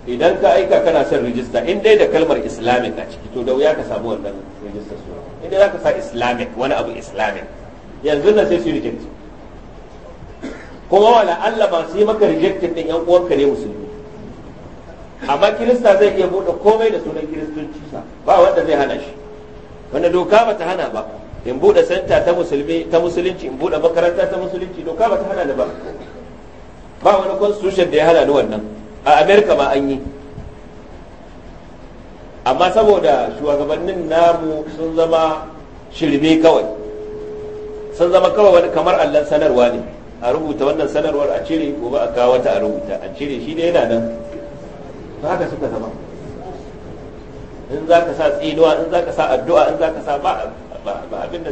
idan ka aika kana son rijista in dai da kalmar islamic a ciki to da wuya ka samu wannan rijistar suna inda za ka sa islamic wani abu islamic yanzu na sai su reject kuma wala Allah ba su yi maka rejected din yan uwanka ne musulmi amma kirista zai iya bude komai da sunan kiristanci ba wanda zai hana shi wanda doka ba ta hana ba in bude santa ta musulmi ta musulunci in bude makaranta ta musulunci doka ba ta hana ni ba ba wani constitution da ya hana ni wannan a America ma an yi amma saboda shugabannin namu sun zama shirme kawai sun zama kawai wani kamar allon sanarwa ne a rubuta wannan sanarwar a cire ko ba a kawo wata a rubuta a cire shi ne yana nan to haka suka zama in za ka sa tsinuwa in za ka sa addu'a in za ka sa ba abin da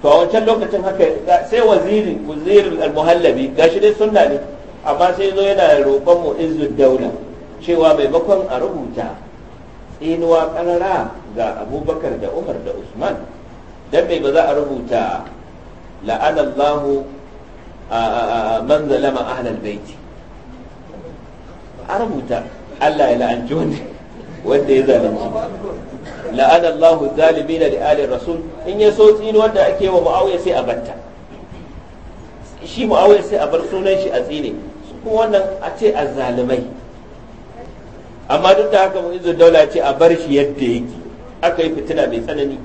to a wancan lokacin haka sai wazirin wazirin al-muhallabi gashi dai sunna ne amma sai zo yana roƙon mu izzud daula cewa maimakon a rubuta tsinuwa karara ga abubakar da umar da usman dan mai ba za a rubuta la'anallahu man zalama ahlal baiti a rubuta Allah ya la'anci wanda ya zalunci la'anallahu zalimina li ali rasul in ya so tsini wanda ake wa muawiya sai a banta. shi muawiya sai a bar sunan shi a tsine kuma wannan a ce a zalimai amma duk da haka izo daula ce a bar shi yadda yake aka yi fitina mai tsanani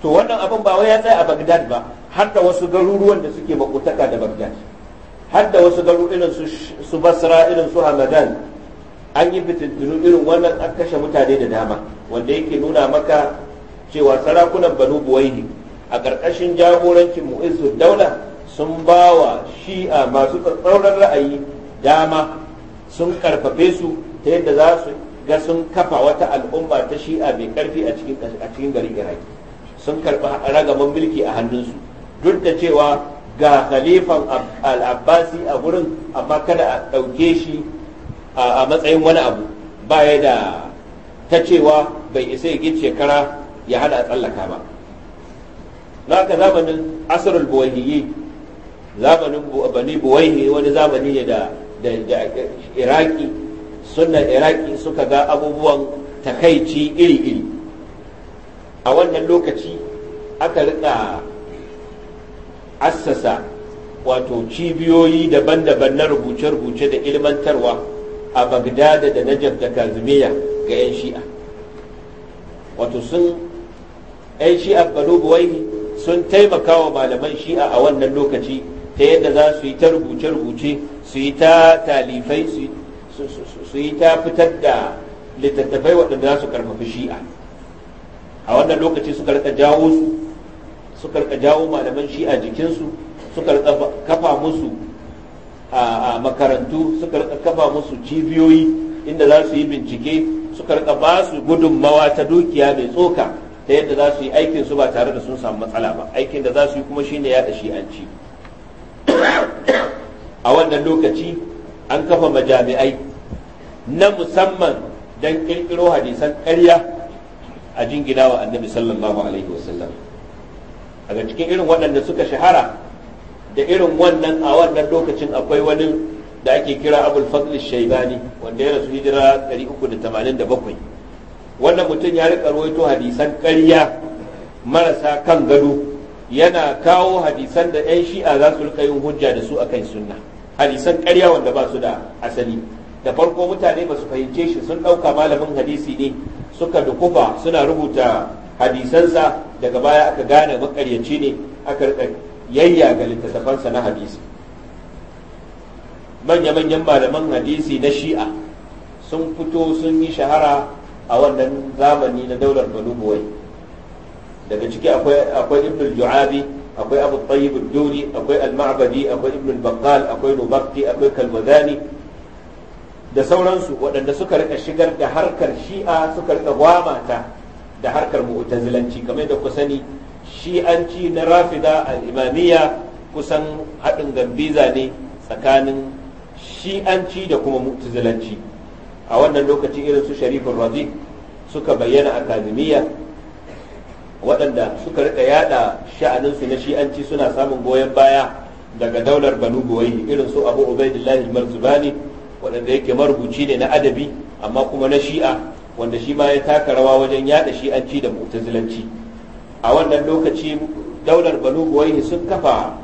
to wannan abin ba wai ya tsaya a Baghdad ba har da wasu garuruwan da suke makotaka da Baghdad har da wasu garuruwan irin su Basra irin su Hamadan an yi fitintunu irin wannan an kashe mutane da dama wanda yake nuna maka cewa sarakunan Banu Buwaihi a ƙarƙashin jagorancin mu'izu Daula sun ba wa shi'a masu tsatsauran ra'ayi dama sun ƙarfafe su ta yadda za su ga sun kafa wata al'umma ta shi'a mai karfi a cikin a cikin garin iraki sun karɓi ragaman mulki a hannunsu duk da cewa ga khalifan al'abbasi a gurin amma kada a ɗauke shi a matsayin wani abu baya da ta cewa bai isa ya gice shekara ya hada a tsallaka ba na ka zamanin asarul buwaihiyi zamanin bani wani zamani ne da iraki sunnan iraki suka ga abubuwan takaici iri-iri a wannan lokaci aka rika assasa wato cibiyoyi daban-daban na rubuce-rubuce da ilmantarwa a bagdada da najaf da kazimiya ga 'yan shi'a wato sun 'yan shi'a balubuwai sun taimaka wa malaman shi'a a wannan lokaci ta yadda za su yi ta rubuce-rubuce su yi ta talifai su yi ta fitar da littattafai waɗanda za su karfafi shi'a a wannan lokaci suka rika jawo su suka rika jawo malaman shi'a jikinsu suka rika kafa musu a makarantu suka rika kafa musu cibiyoyi inda za su yi bincike suka rika ba su gudunmawa ta dukiya mai tsoka ta yadda za su yi aikin su ba tare da sun samu matsala ba aikin da za su yi kuma shine yada shi'anci a wannan lokaci an kafa majami'ai na musamman don ƙirƙiro hadisan ƙarya a jingina wa annabi sallallahu alaihi wasallam daga cikin irin waɗanda suka shahara da irin wannan a wannan lokacin akwai wani da ake kira abul fadl shaibani wanda ya rasu hijira 387 wannan mutum ya rika rawaito hadisan ƙarya marasa kan gado yana kawo hadisan da 'yan shi'a za su rika yin hujja da su akan sunna hadisan ƙarya wanda ba su da asali da farko mutane ba su fahimce shi sun ɗauka malamin hadisi ne suka dukufa suna rubuta hadisansa daga baya aka gane makaryaci ne aka rika yayya ga littattafansa na hadisi manya-manyan malaman hadisi na shi'a sun fito sun yi shahara a wannan zamani na daular balubuwai daga ciki akwai ibnul ju'abi akwai abu tayyib duni akwai al-ma'badi akwai ibnul al akwai nubakti akwai kalmazani da sauransu waɗanda suka rika shigar da harkar shi'a suka rika gwamata da harkar mu'tazilanci kamar da ku sani shi'anci na rafida al-imamiyya kusan haɗin gambiza ne tsakanin shi'anci da kuma mu'tazilanci a wannan lokaci irin su sharifin razi suka bayyana akademiyya waɗanda suka rika yada sha'aninsu na shi'anci suna samun goyon baya daga daular banu irin su abu ubaidillahi marzubani waɗanda yake marubuci ne na adabi amma kuma na shi'a wanda shi ma ya taka rawa wajen yada shi'anci da mu'tazilanci a wannan lokaci daular banu buwaihi sun kafa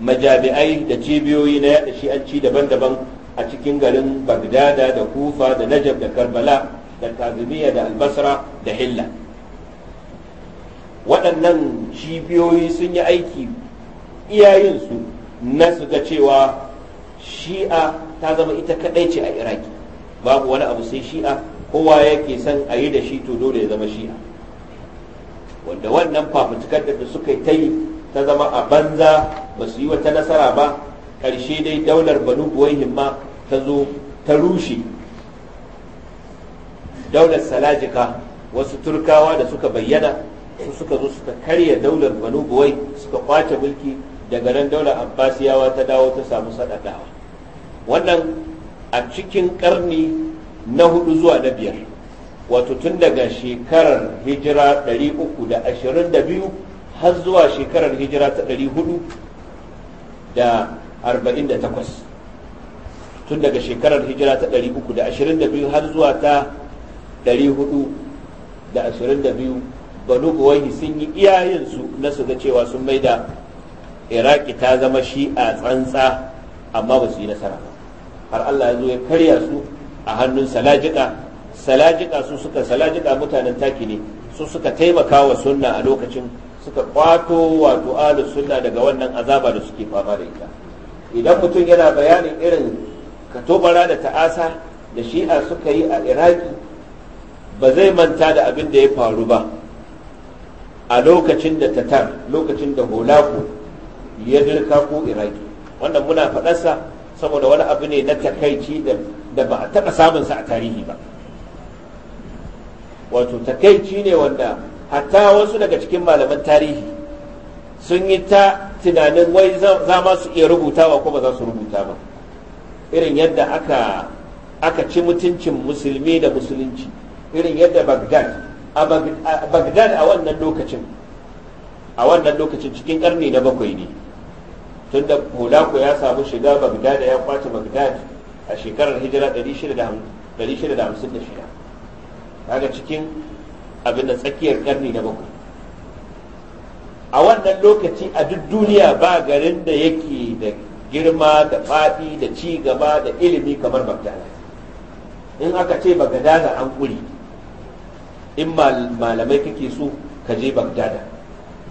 majami'ai da cibiyoyi na yada shi'anci daban-daban a cikin garin bagdada da kufa da najab da karbala da kazimiya da albasra da hilla waɗannan cibiyoyi sun yi aiki iyayensu na su ga cewa shi'a ta zama ita kadai ce a iraki babu wani abu sai shi'a kowa yake son a yi da shi to dole ya zama shi'a wanda wannan fafutukar da suka yi ta yi ta zama a banza ba su yi wata nasara ba ƙarshe dai daular banu buwayhin himma ta zo ta rushe daular salajika wasu turkawa da suka bayyana su suka zo suka karya daular banu buwai suka kwace mulki daga nan daular abbasiyawa ta dawo ta samu sadadawa wannan a cikin karni na hudu zuwa na biyar wato tun daga shekarar hijira 322 har zuwa shekarar hijira ta 448 tun daga shekarar hijira ta 322 har zuwa ta 422 banu buwai sun yi iyayensu na su ga cewa sun maida iraki ta zama shi a tsantsa amma ba su yi nasara ba har Allah ya zo ya karya su a hannun salajika salajika su suka salajika mutanen taki ne su suka taimaka wa sunna a lokacin suka kwato wato ahli sunna daga wannan azaba da suke fama da ita idan mutum yana bayanin irin katobara da ta'asa da shi'a suka yi a iraki ba zai manta da abin da ya faru ba a lokacin da tatar lokacin da holaku ya dirka ko iraki wannan muna faɗarsa saboda wani abu ne na takaici da ba a taɓa samun sa a tarihi ba wato takaici ne wanda hatta wasu daga cikin malaman tarihi sun yi ta tunanin wai za ma su iya rubutawa ko ba za su rubuta ba irin yadda aka aka ci mutuncin musulmi da musulunci irin yadda bagdad a bagdad a wannan lokacin a wannan lokacin cikin karni na bakwai ne tunda Mulako ya samu shiga bagdad ya kwace bagdad a shekarar hijira 656 daga cikin abin da tsakiyar karni na bakwai a wannan lokaci a duk duniya ba garin da yake da girma da faɗi da ci gaba da ilimi kamar bagdad in aka ce bagdad an kuri in malamai kake so ka je bagdada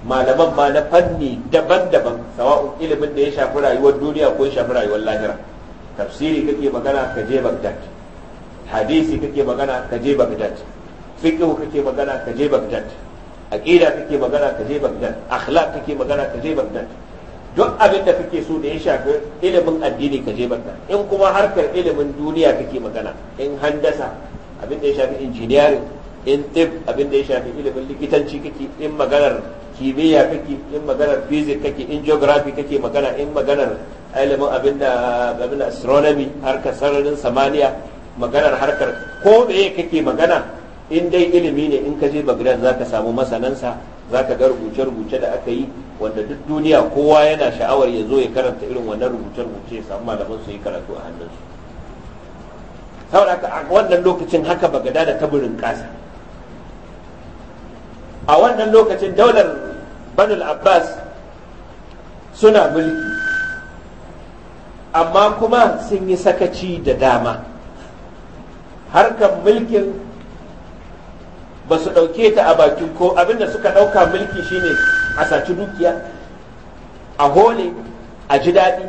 malaman ma na fanni daban-daban sawa'un ilimin da ya shafi rayuwar duniya ko ya shafi rayuwar lahira tafsiri kake magana ka je bagdad hadisi kake magana ka je bagdad fiqh kake magana ka je bagdad aqida kake magana ka je bagdad akhlaq kake magana ka je bagdad duk abin da kake so da ya shafi ilimin addini ka je bagdad in kuma harkar ilimin duniya kake magana in handasa abin da ya shafi engineering in tib abin da ya shafi ilimin likitanci kake in maganar kimiyya kake in maganar physics kake in geography kake magana in maganar ilimin abin da abin astronomy harkar sararin samaniya maganar harkar ko yake kake magana in dai ilimi ne in ka je Baghdad zaka samu masanansa zaka ga rubuce-rubuce da aka yi wanda duk duniya kowa yana sha'awar ya zo ya karanta irin wannan rubuce-rubuce ya samu malaman su yi karatu a hannunsu saboda haka wannan lokacin haka Baghdad da taburin kasa a wannan lokacin daular banul abbas suna mulki amma kuma sun yi sakaci da dama harkar mulkin ba su ɗauke ta a bakin ko abinda suka ɗauka mulki shine a saci dukiya a hole a ji daɗi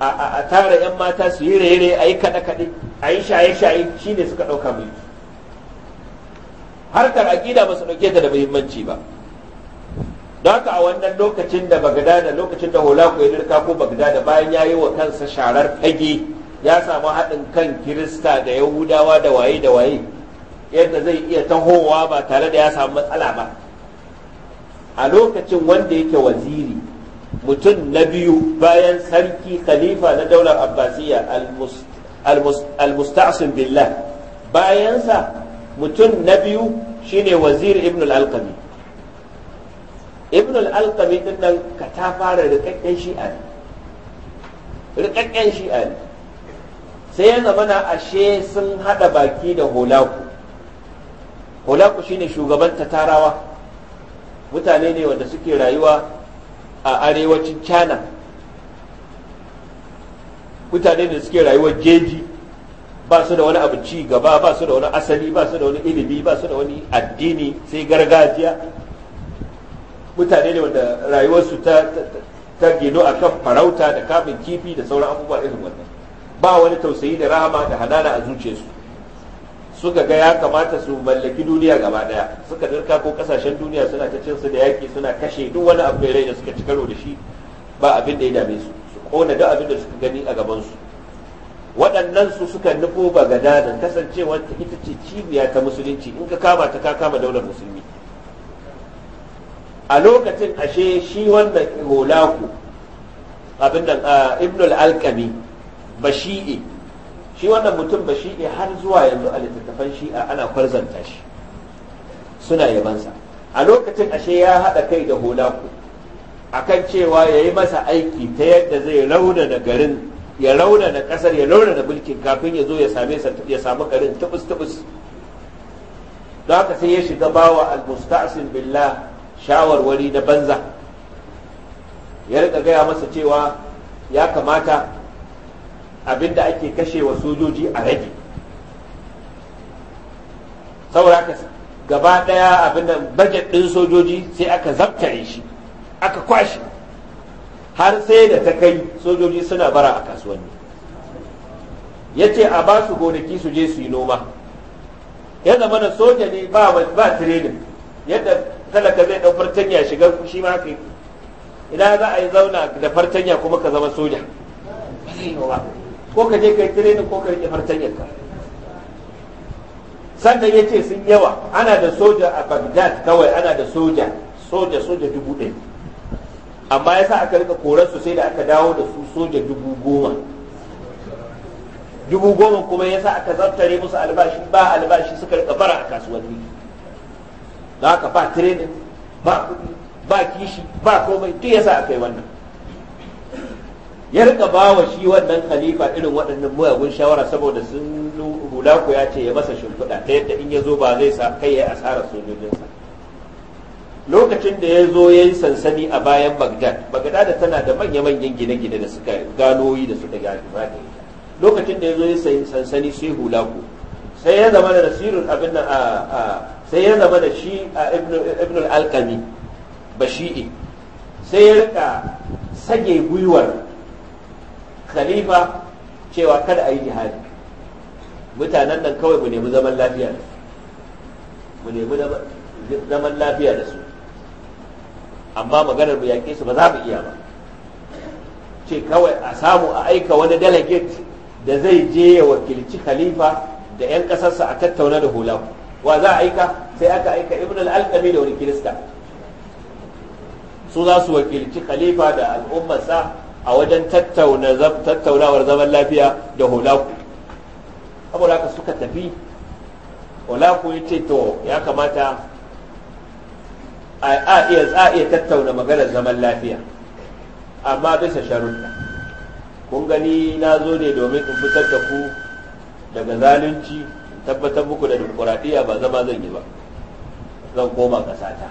a tara 'yan mata su yi rere a yi kaɗe-kaɗe a yi shaye-shaye shine suka ɗauka mulki harkar aƙida ba su ɗauke ta da muhimmanci ba don haka a wannan lokacin da bagdada lokacin da holaku ya dirka ko bagdada bayan ya yi wa kansa sharar fage ya samu haɗin kan kirista da yahudawa da waye da waye yadda zai iya tahowa ba tare da ya samu matsala ba a lokacin wanda yake waziri mutum na biyu bayan sarki khalifa na daular abbasiyya al-musta'sin billah bayansa mutum na biyu shine wazir ibn al-alqami ibn al-alqami din nan ka ta fara rikakken shi'a rikakken shi'a sai ya zama na ashe sun hada baki da hulaku hulaku shine shugaban tatarawa mutane ne wanda suke rayuwa a arewacin china mutane ne suke rayuwar jeji ba su da wani abu ci gaba ba su da wani asali ba su da wani ilimi ba su da wani addini sai gargajiya mutane ne wanda rayuwarsu ta ta gino a kan farauta da kamun kifi da sauran abubuwa irin wannan ba wani tausayi da rahama da hanana a zuciyarsu suka ga ya kamata su mallaki duniya gaba daya suka dirka ko kasashen duniya suna ta cin su da yaki suna kashe duk wani abu mai rai da suka ci karo da shi ba abin da ya dame su su kona duk abin da suka gani a gaban su waɗannan su suka nufo bagadadan kasancewa ita ce cibiya ta musulunci in ka kama ta ka kama daular musulmi a lokacin ashe shi wannan holaku abin nan ibn al-alqami bashi'i shi wannan mutum bashi'i har zuwa yanzu a littattafan shi'a ana kwarzanta shi suna yabansa a lokacin ashe ya haɗa kai da holaku akan cewa ya yi masa aiki ta yadda zai raunana garin ya da kasar ya da mulkin kafin ya zo ya same ya samu garin tubus tubus don haka sai ya shiga bawa al-musta'sin billah shawarwari da banza ya rika gaya masa cewa ya kamata abinda ake kashewa sojoji a rage saboda gaba daya abinda bajet din sojoji sai aka zabtare shi aka kwashe. har sai da ta kai sojoji suna bara a kasuwanni ya ce a ba su gonaki su je su yi noma ya zama na soja ne ba ba training yadda talaka zai ɗau fartanya shiga shi ma yi ina za a yi zauna da fartanya kuma ka zama soja ko ka je ka yi training ko ka yi fartanyar ka sannan ya ce sun yawa ana da soja a bagdad kawai ana da soja soja soja dubu ɗaya amma yasa aka rika korarsu sai da aka dawo da su soja dubu goma dubu goma kuma ya sa aka zartare musu albashi ba albashi suka rika bara a kasuwanni da aka ba training ba kudi ba kishi ba komai duk sa aka yi wannan ya rika ba wa shi wannan khalifa irin waɗannan muyagun shawara saboda sun hula ku ya ce ya masa shimfiɗa ta yadda in ya zo ba zai sa kai ya asarar sojojinsa lokacin da ya zo ya yi sansani a bayan bagdad bagdad tana da manya-manyan gine-gine da suka ganoyi da suka gani lokacin da ya zo ya yi sansani sai hulaku sai ya zama da nasirun abin nan a sai ya zama da shi a ibn al-alqami bashi'i sai ya rika sage gwiwar khalifa cewa kada a yi jihadi mutanen nan kawai mu nemi zaman lafiya da su mu nemi zaman lafiya da su amma maganar mu yaƙe su ba za mu iya ba ce kawai a samu a aika wani delegate da zai je ya wakilci khalifa da 'yan ƙasarsa a tattauna da hula wa za a aika sai aka aika ibn al-alqami da wani kirista su za su wakilci khalifa da al'ummarsa a wajen tattaunawar zaman lafiya da hulaku saboda haka suka tafi hulaku ya ce to ya kamata a iya za iya tattauna maganar zaman lafiya amma bisa sharuɗa kun gani na zo ne domin in fitar da ku daga zalunci tabbatar muku da dimokuraɗiyya ba zama zan yi ba zan koma ƙasata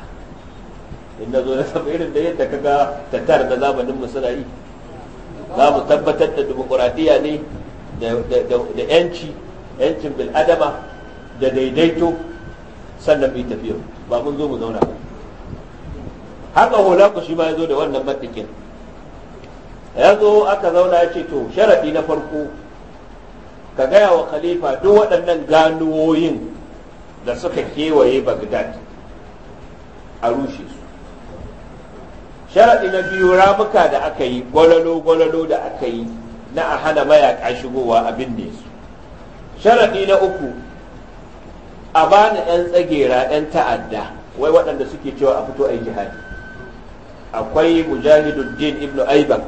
in na zo na saba irin da yadda kaga tattar da zamaninmu suna yi za mu tabbatar da dimokuraɗiyya ne da yanci yancin bil'adama da daidaito sannan mu tafiya ba mun zo mu zauna ba haka hulaku shi ma ya zo da wannan matikin ya zo aka zauna ya ce to sharaɗi na farko ka gaya wa khalifa duk waɗannan ganuwoyin da suka kewaye bagdad a rushe su sharaɗi na biyu ramuka da aka yi gwalalo-gwalalo da aka yi na a hana mayaƙa shigowa abin ne su sharaɗi na uku a bani 'yan tsagera 'yan ta'adda wai waɗanda suke cewa a fito a yi jihadi akwai mujahiduddin ibnu aibak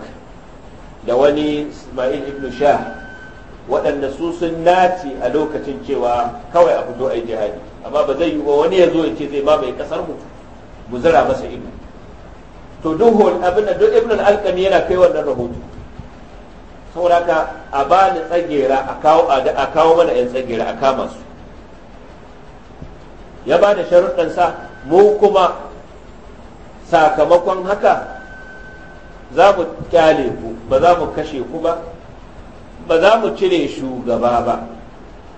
da wani ismail ibnu shah waɗanda su sun naci a lokacin cewa kawai a fito ai jihadi amma ba zai yi ba wani ya zo ya ce zai mamaye kasar mu mu masa ido to duhul abin da duk ibnu alqami yana kai wannan rahoto sauraka a bani tsagera a kawo a kawo mana yan tsagera a kama su ya ba da sharuɗansa mu kuma sakamakon haka za mu kyale ku ba za mu kashe ku ba ba za mu cire shugaba ba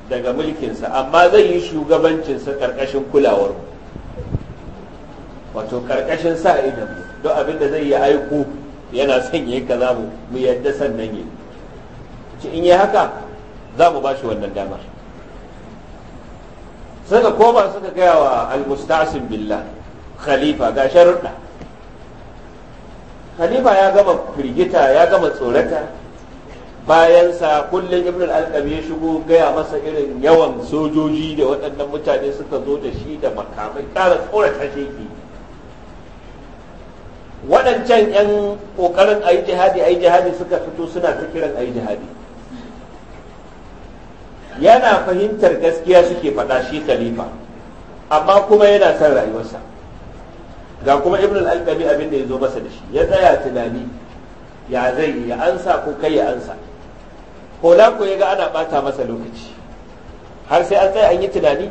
daga mulkinsa amma zai yi shugabancinsa karkashin kulawar wato karkashin sa idan don abin da zai yi aiko yana son yi kaza mu mu yadda sannan yi ci in yi haka za mu ba shi wannan damar suka koma suka gaya wa al-musta'sim billah khalifa ga sharuɗa khalifa ya gama firgita ya gama tsorata bayansa kullum ibn al-alqabi ya shigo gaya masa irin yawan sojoji da waɗannan mutane suka zo da shi da makamai ƙara tsorata shi waɗancan 'yan ƙoƙarin a yi jihadi a yi jihadi suka fito suna ta kiran a yi jihadi yana fahimtar gaskiya suke faɗa shi khalifa amma kuma yana son rayuwarsa ga kuma ibn al-alqami abin da ya zo masa da shi ya tsaya tunani ya zai ya ansa ko kai ya ansa kola ko ya ga ana bata masa lokaci har sai an tsaya an yi tunani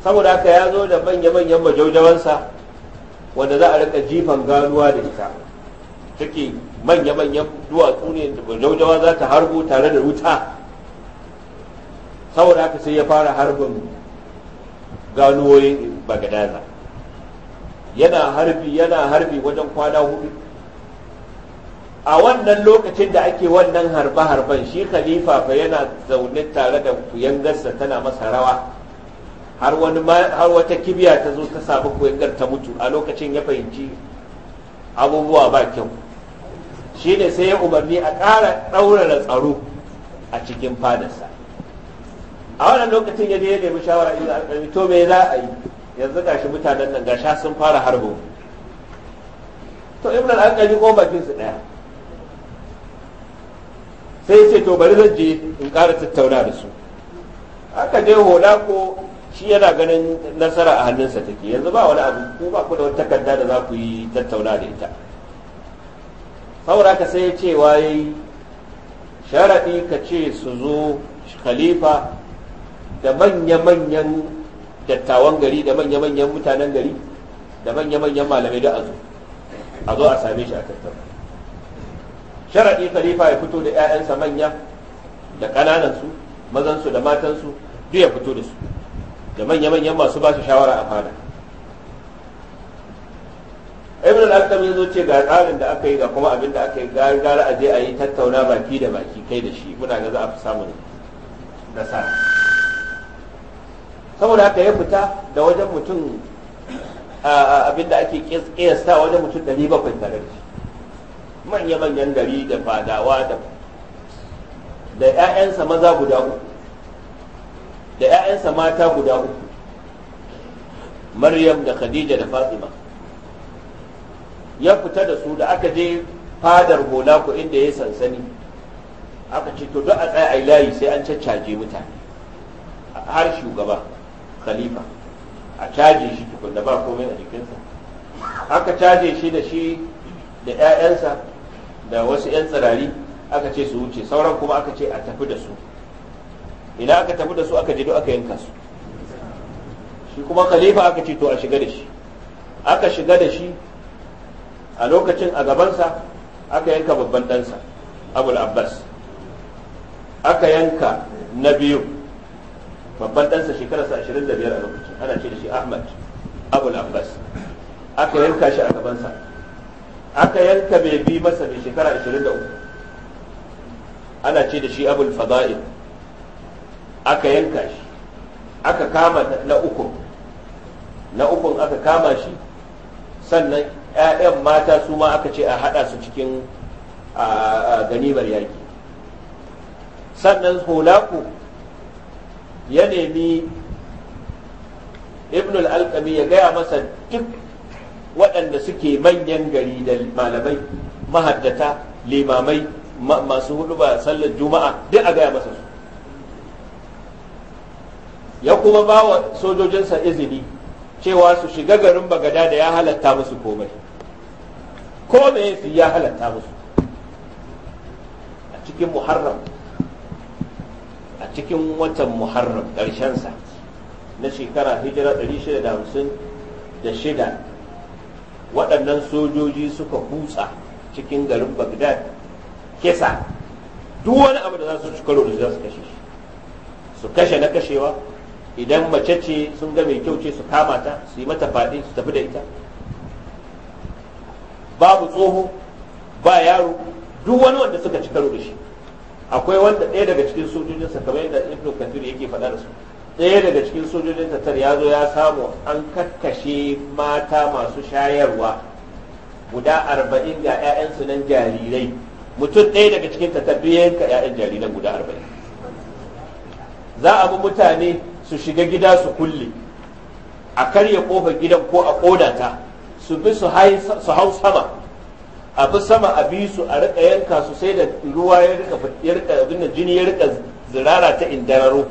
saboda haka ya zo da manya-manyan majaujawansa wanda za a rika jifan ganuwa da ita take manya-manyan duwatsu ne da majaujawa za ta harbo tare da wuta saboda haka sai ya fara harbin ganuwoyin bagadaza yana harbi yana harbi wajen kwana hudu a wannan lokacin da ake wannan harbe-harben shi khalifa fa yana zaune tare da kuyangarsa tana masa rawa har wani har wata kibiya ta zo ta samu kuyangar ta mutu a lokacin ya fahimci abubuwa ba kyau shi ne sai ya umarni a ƙara ɗaurara tsaro a cikin fadarsa a wannan lokacin ya je ya nemi shawara ila alƙalmi to me za a yi yanzu ga shi mutanen nan gasha sun fara harbo to ibn al-anqari ko bakin su daya sai ya ce to bari zan je in ƙara tattauna da su aka je hola ko shi yana ganin nasara a hannunsa take yanzu ba wani abu ko ba ku da wata takarda da za ku yi tattauna da ita saboda ka sai ya ce waye sharaɗi ka ce su zo khalifa da manya-manyan dattawan gari da manya-manyan mutanen gari da manya-manyan malamai da azu a zo a same shi a tattaba sharaɗi khalifa ya fito da 'ya'yansa manya da mazan mazansu da matansu duk ya fito da su da manya-manyan masu ba su shawara a fada ibn al-aqdam ya zo ce ga tsarin da aka yi ga kuma abin da aka yi gara a je a yi tattauna baki da baki kai da shi muna ga za a fi samun nasara saboda haka ya fita da wajen mutum abinda ake kiyasta wajen mutum bakwai tare da manya-manyan gari da fadawa da da 'ya'yansa maza guda uku da 'ya'yansa mata guda uku maryam da khadija da fatima ya fita da su da aka je fadar ku inda ya sansani aka ce to don a tsaye a layi sai an caccaje mutane har shugaba khalifa a caje shi tukunda ba komai a jikinsa aka caje shi da shi da 'ya'yansa da wasu 'yan tsirari aka ce su wuce sauran kuma aka ce a tafi da su ina aka tafi da su aka jido aka yanka su shi kuma khalifa aka ce to a shiga da shi aka shiga da shi a lokacin a gabansa aka yanka babban ɗansa abul abbas aka yanka na biyu babban ɗansa shekararsa 25 a lokacin ana ce da shi ahmad abul abbas aka yanka shi a gabansa aka yanka mai bi masa mai shekara 23 ana ce da shi abul fada'il aka yanka shi aka kama na uku na ukun aka kama shi sannan 'ya'yan mata su ma aka ce a haɗa su cikin ganimar yaki sannan hulaku ya nemi ibn al ya gaya masa duk waɗanda suke manyan gari da malamai mahaddata limamai masu hudu ba sallar juma'a duk a gaya masa su ya kuma ba wa sojojinsa izini cewa su shiga garin bagada da ya halatta musu komai ko me ya halatta musu a cikin muharram a cikin watan muharram ƙarshensa na shekara hijira 656 waɗannan sojoji suka kutsa cikin garin bagdad kisa duk wani abu da za su karo da za su kashe shi su kashe na kashewa idan mace ce sun ga mai kyau ce su kama ta su yi mata faɗi su tafi da ita babu tsoho ba yaro duk wani wanda suka ci karo da shi akwai wanda ɗaya daga cikin sojojinsa kamar yadda ibnu kathir yake faɗa da su ɗaya daga cikin sojojin tatar ya zo ya samu an kakkashe mata masu shayarwa guda arba'in ga 'ya'yansu nan jarirai mutum ɗaya daga cikin tatar duk yanka 'ya'yan jarirai guda arba'in za a bi mutane su shiga gida su kulle a karya kofar gidan ko a ƙodata su bi su hau sama a fi sama a bi su a rika yanka su sai da ruwa ya rika abin jini ya rika zirara ta indararo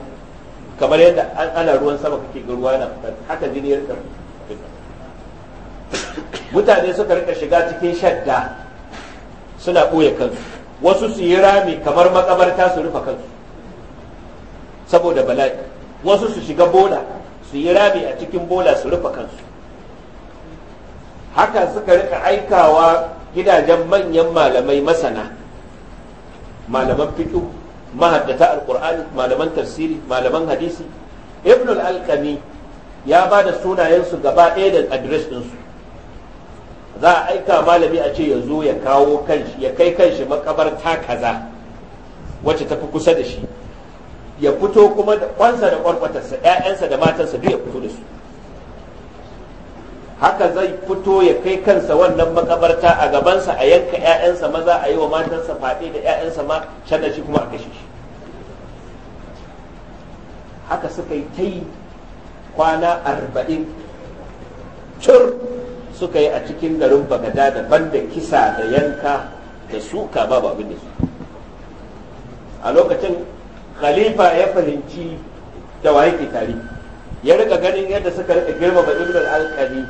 kamar yadda ana ruwan sama kake ga ruwa na haka jini ya rika mutane suka rika shiga cikin shadda suna ɓoye kansu wasu su yi rami kamar makabarta su rufe kansu saboda bala'i wasu su shiga bola su yi rami a cikin bola su rufe kansu haka suka rika aikawa gidajen manyan malamai masana malaman fiqh mahaddata alƙur'ani, malaman tafsiri malaman hadisi ibn al ya ba da sunayensu gaba ɗaya da adres ɗinsu za a aika malami a ce ya zo ya kawo kanshi ya kai kanshi makabarta kaza wacce tafi kusa da shi ya fito kuma da kwansa da kwarkwatarsa 'ya'yansa da matansa duk ya fito da su haka zai fito ya kai kansa wannan makabarta a gabansa a yanka 'ya'yansa maza a yi wa matansa faɗi da 'ya'yansa ma shanna shi kuma a kashe shi haka suka yi ta yi kwana arba'in cur suka yi a cikin garin bagada daban da kisa da yanka da suka ba abin da su a lokacin khalifa ya fahimci da waye ke tari ya rika ganin yadda suka rika girmama ibn al alqadi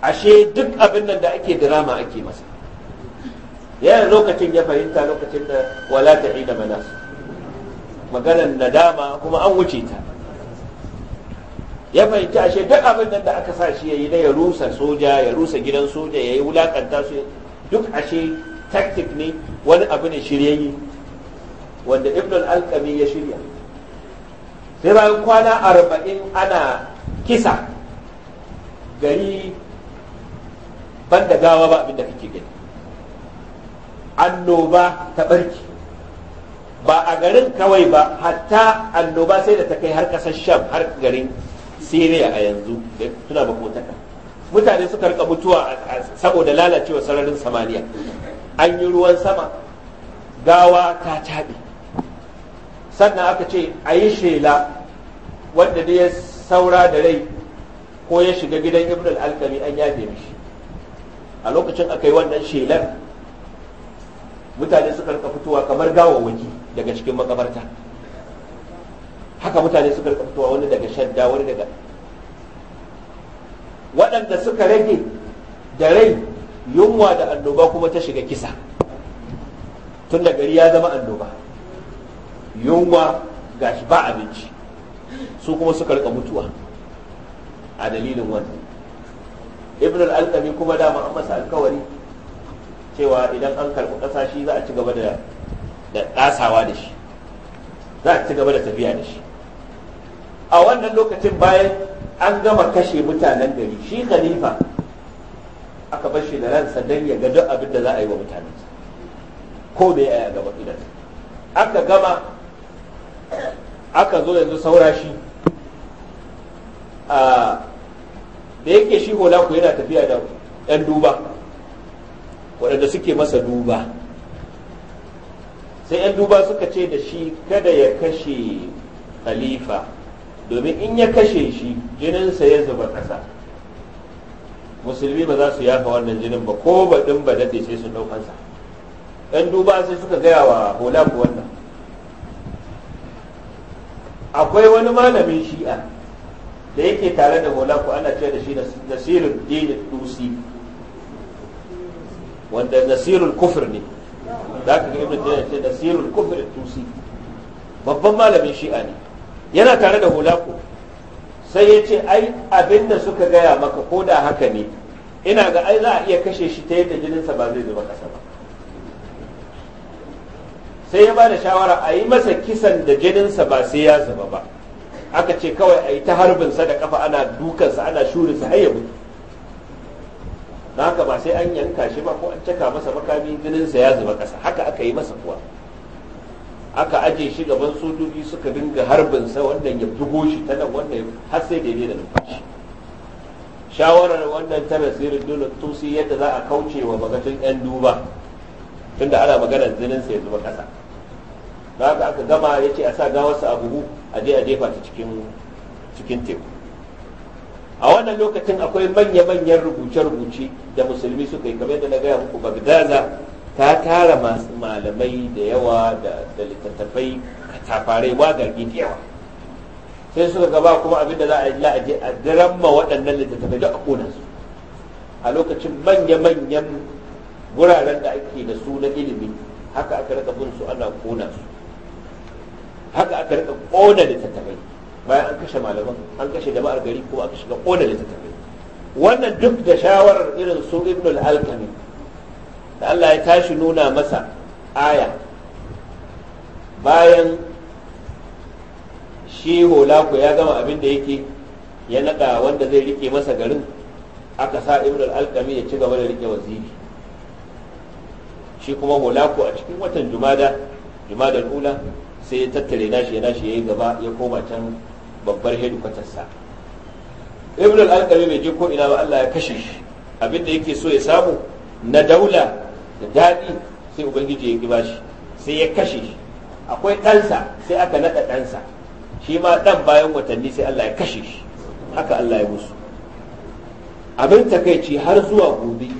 ashe duk abin nan da ake dirama ake masa yana lokacin ya fahimta lokacin da wala ta da manas maganar nadama kuma an wuce ta ya fahimci ashe duk abin nan da aka sa shi ya yi na ya rusa soja ya rusa gidan soja ya yi wulakanta su duk ashe taktik ne wani abu ne shiryayye wanda ibn al ya shirya sai bayan kwana arba'in ana kisa gari Ban da gawa ba abin kake gani annoba ta barki ba a garin kawai ba hatta annoba sai da ta kai har kasar sham har garin siriya a yanzu tuna ba kotaka mutane suka rika mutuwa saboda lalacewa sararin samaniya an yi ruwan sama gawa ta taɓe sannan aka ce a yi shela wanda dai ya saura da rai ko ya shiga gidan ibn al-alkami an yafe mishi a lokacin aka yi wannan shelar mutane suka rika fitowa kamar gawawaki daga cikin makabarta haka mutane suka rika fitowa wani daga shadda wani daga waɗanda suka rage da rai yunwa da annoba kuma ta shiga kisa tun da gari ya zama annoba yunwa gashi ba abinci su kuma suka rika mutuwa a dalilin wannan ibn al-alqami kuma da mu masa alkawari cewa idan an karbi ƙasa shi za a ci gaba da da kasawa da shi za a ci gaba da tafiya da shi a wannan lokacin bayan an gama kashe mutanen gari shi khalifa aka bar shi da ransa don ya ga duk abin da za a yi wa mutanen ko da ya gaba idan aka gama aka zo yanzu saura shi a da yake shi hola ku yana tafiya da ɗan duba waɗanda suke masa duba sai ‘yan duba suka ce da shi kada ya kashe khalifa domin in ya kashe shi jininsa ya zuba ƙasa musulmi ba za su yafa wannan jinin ba ko baɗin ba daɗe sai sun ɗaukansa ‘yan duba sai suka gaya wa hola ku wannan akwai wani malamin shi'a da yake tare da hula ku ana ce da shi nasirin dini dusi wanda nasirin kufur ne za ka ga ibn tayyib ce nasirul kufur dusi babban malamin shi'a ne yana tare da hula ku sai ya ce ai abin da suka gaya maka ko da haka ne ina ga ai za a iya kashe shi ta yadda jininsa ba zai zuba kasa ba sai ya ba da shawara a yi masa kisan da jininsa ba sai ya zuba ba aka ce kawai a yi ta harbin sa da kafa ana dukansa ana shurinsa har ya mutu na haka ba sai an yanka shi ba ko an caka masa makami sa ya zuba kasa haka aka yi masa kuwa aka aje shi gaban sojoji suka dinga harbin sa wannan ya bugo shi ta nan wanda har sai daidai da numfashi shawarar wannan ta nasirin dole tusi yadda za a kauce wa magatun yan duba tunda ana maganar jinin sa ya zuba kasa. da haka aka gama ya ce a sa gawarsa a buhu a je a jefa ta cikin teku a wannan lokacin akwai manya-manyan rubuce-rubuce da musulmi suka yi kamar da na gaya muku bagdaza ta tara masu malamai da yawa da littattafai katafarai wagargi da yawa sai suka gaba kuma abin da za a yi la'aje a diramma waɗannan littattafai da a su a lokacin manya-manyan wuraren da ake da su na ilimi haka aka raka bin su ana ƙona su haka aka rika kona littattafai bayan an kashe malaman an kashe jama'ar gari kuma aka shiga kona littattafai wannan duk da shawarar irin su ibnul alkami da Allah ya tashi nuna masa aya bayan shi holaku ya gama abin da yake ya naɗa wanda zai rike masa garin aka sa ibn al-alqami ya ci gaba da rike waziri shi kuma holaku a cikin watan jumada jumadal ula sai ya tattare nashi ya nashi yi gaba ya koma can babbar hedikwatar sa ibn al-alqami bai je ko ina ba Allah ya kashe shi abinda yake so ya samu na daula da daɗi sai ubangiji ya giba shi sai ya kashe shi akwai ɗansa sai aka naɗa ɗansa shi ma ɗan bayan watanni sai Allah ya kashe shi haka Allah ya musu abin takaici har zuwa gobe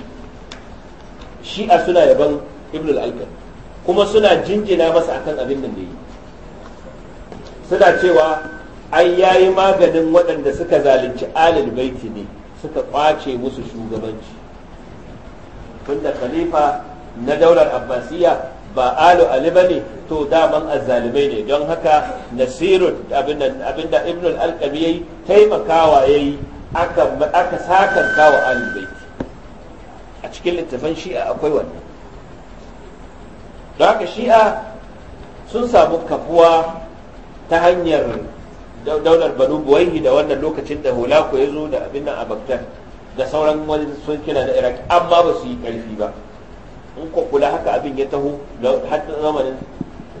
shi a suna yaban ibn al alqami kuma suna jinjina masa akan abin nan da yi suna cewa ai yayi maganin waɗanda suka zalunci alil baiti ne suka kwace musu shugabanci tunda khalifa na daular abbasiya ba alu ali ne to daman azzalimai ne don haka nasirun abinda ibn al ya yi taimakawa ya yi aka sakanta wa alil baiti a cikin littafan shi'a akwai wannan don haka shi'a sun samu kafuwa ta hanyar daular banu buwaihi da wannan lokacin da hulaku ya zo da abin nan a bagdad da sauran wani sun kira na iraq amma ba su yi karfi ba in ko kula haka abin ya taho har zamanin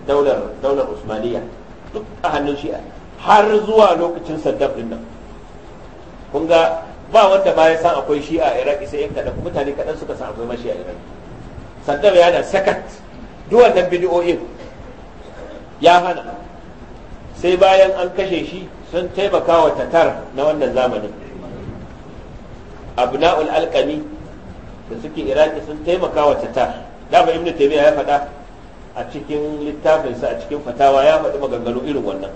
daular daular usmaniya duk a hannun shi'a har zuwa lokacin saddam din nan kun ga ba wanda ba ya san akwai shi'a a iraq sai yan kaɗan mutane kaɗan suka san akwai mashi a iraq saddam ya na sakat duk bidiyoyin ya hana sai bayan an kashe shi sun taimaka wa tatar na wannan zamanin abna'ul alkami da suke iraki sun taimaka wa tatar dama ibnu taymiya ya faɗa a cikin littafinsa a cikin fatawa ya faɗi maganganu irin wannan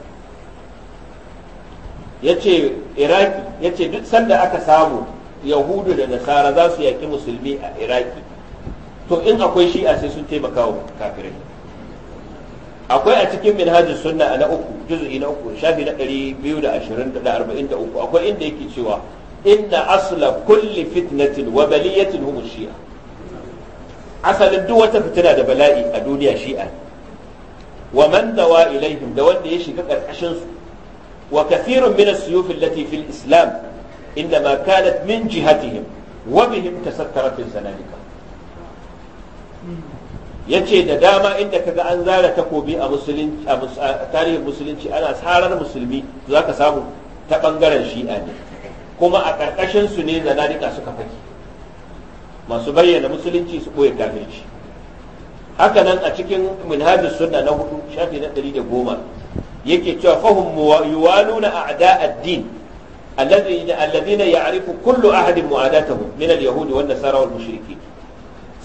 ce iraki yace duk sanda aka samu yahudu da nasara za su yaƙi musulmi a iraki to in akwai shi'a sai sun taimaka wa kafirai akwai a cikin minhajus sunna na uku juz'i na uku shafi na 223 akwai inda yake cewa inna asla kulli fitnatin wa baliyatin hum shi'a asalin duk wata fitina da bala'i a duniya shi'a wa man dawa ilaihim da wanda ya shiga karkashin su wa kathirun min as-suyuf allati fil islam ma kanat min jihatihim wa bihim tasakkarat zananika yace da dama inda kaga an zara takobi a tarihin musulunci ana harar musulmi ka samu ta bangaren shi'a ne kuma a karkashin su ne zanadika suka faki masu bayyana musulunci su boye kafirci haka nan a cikin minhajus sunna na hudu shafi na goma yake cewa fahum yuwaluna a'da ad-din alladhina ya'rifu kullu ahadin mu'adatahu min al-yahudi wan nasara wal mushrikeen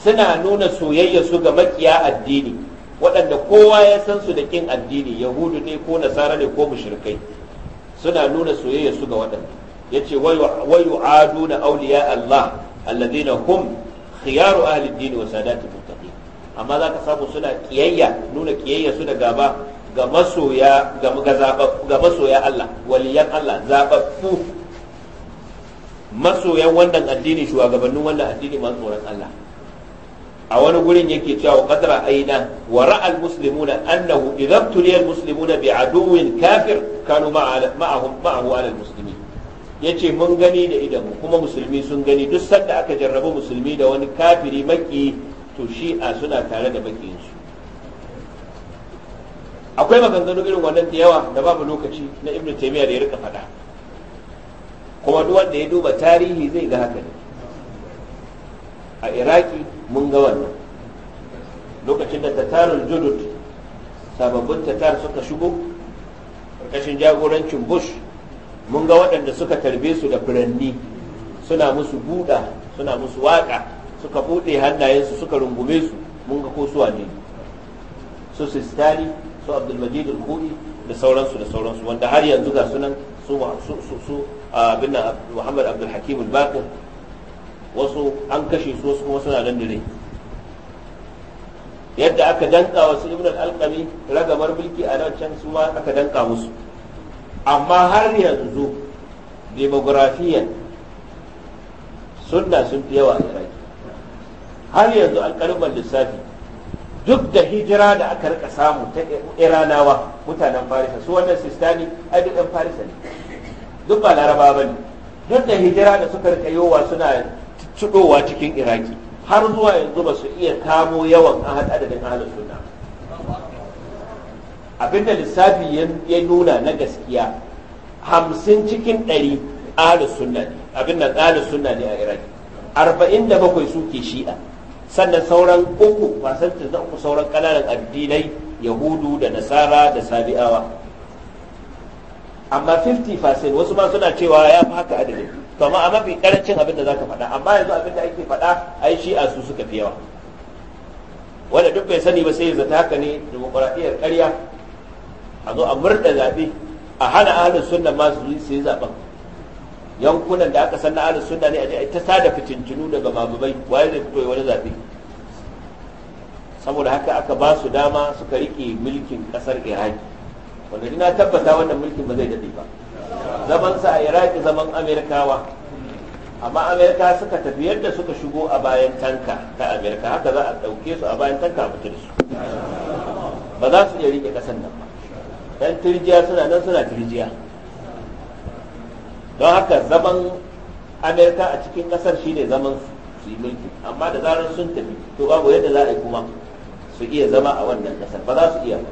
suna nuna soyayya su ga makiya addini waɗanda kowa ya san su da kin addini yahudu ne ko nasara ne ko mushrikai suna nuna soyayya su ga waɗanda yace adu na auliya Allah alladina hum khiyaru ahli dini wa sadati muttaqin amma ka samu suna kiyayya nuna kiyayya su da gaba ga masoya ga ga masoya Allah waliyan Allah zababbu masoyan wannan addini shugabannin wannan addini masu tsoron Allah a wani gurin yake cewa wa qadra aina wa ra'a al-muslimuna annahu idza tuliya al-muslimuna bi kafir kanu ma'ahum ma'ahu al-muslimin yace mun gani da idan kuma musulmi sun gani duk sanda aka jarrabu musulmi da wani kafiri maki to a suna tare da makiyin su akwai maganganu irin wannan da yawa da babu lokaci na ibnu taymiya da ya rika faɗa kuma duk wanda ya duba tarihi zai ga haka ne a iraki mun ga wannan lokacin da tatarul judud sababbin tatar suka shigo ƙarƙashin jagorancin bush mun ga waɗanda suka tarbe su da furanni suna musu buɗa suna musu waƙa suka buɗe hannayensu suka rungume su mun ga ko suwa ne su sistani su abdulmajid al-khuri da sauransu da sauransu wanda har yanzu ga sunan su su abin muhammad abdul hakim al-baqir wasu an kashe su wasu kuma suna nan da yadda aka danka wasu ibn al-alqami ragamar mulki a nan can su ma aka danka musu amma har yanzu demografiyan sunna sun fi yawa a iraki har yanzu alƙalman lissafi duk da hijira da aka rika samu ta iranawa mutanen farisa su wannan sistani ai duk farisa ne duk ba laraba ba ne duk da hijira da suka rika yowa suna sudowa cikin iraki har zuwa yanzu ba su iya kamo yawan ahad adadin ahalin suna abinda lissafi ya nuna na gaskiya hamsin cikin ɗari ahalin suna ne abin nan ahalin sunna ne a iraki arba'in da bakwai suke shi'a sannan sauran uku fasantin na uku sauran ƙananan addinai yahudu da nasara da sabi'awa amma 50 fasin wasu ma suna cewa ya fi haka adadin to amma a mafi karancin abin da zaka faɗa amma yanzu abin da ake faɗa ai shi a su suka fi yawa wanda duk bai sani ba sai ya zata haka ne demokuraɗiyyar ƙarya a zo a murda zaɓe a hana ahlus sunna ma su sai zaɓen yankunan da aka san na ahlus sunna ne a ta sada fitintunu daga mabubai waye zai fito wani zaɓe saboda haka aka ba su dama suka rike mulkin kasar iraki wanda na tabbata wannan mulkin ba zai daɗe ba zaman sa a iraki zaman amerikawa amma amerika suka tafi yadda suka shigo a bayan tanka ta amerika haka za a ɗauke su a bayan tanka a fitar su ba za su iya rike ƙasan nan ba dan turjiya suna nan suna turjiya don haka zaman amerika a cikin ƙasar ne zaman su yi mulki amma da zarar sun tafi to babu yadda za a yi kuma su iya zama a wannan ƙasar ba za su iya ba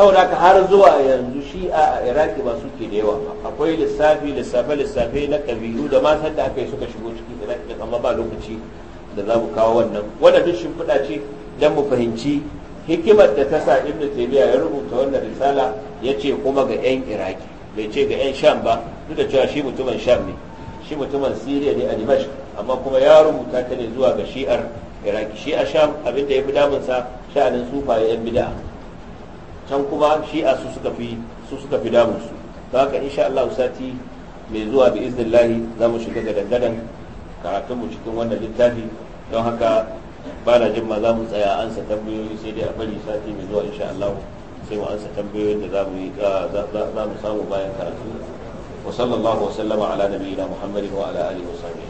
saboda ka har zuwa yanzu shi a iraki ba suke da yawa ba akwai lissafi lissafe lissafe na kabilu da ma da aka yi suka shigo cikin iraki da amma ba lokaci da za mu kawo wannan wannan duk shimfiɗa ce don mu fahimci hikimar da ta sa ibnu taymiya ya rubuta wannan risala ya ce kuma ga 'yan iraki bai ce ga 'yan sham ba duk da cewa shi mutumin sham ne shi mutumin siriya ne a dimash amma kuma ya rubuta ta ne zuwa ga shi'ar iraki shi a sham abinda ya fi damunsa sha'anin sufaye 'yan bida'a can kuma shi'a su suka fi su suka fi damun su don haka insha Allah sati mai zuwa bi iznillahi za mu shiga ga dangadan karatun mu cikin wannan littafi don haka ba na jin ma za mu tsaya ansa tambayoyi sai dai a bari sati mai zuwa insha Allah sai mu ansa tambayoyin da za mu yi za mu samu bayan karatu wa sallallahu wa sallama ala nabiyyina muhammadin wa ala alihi wa sahbihi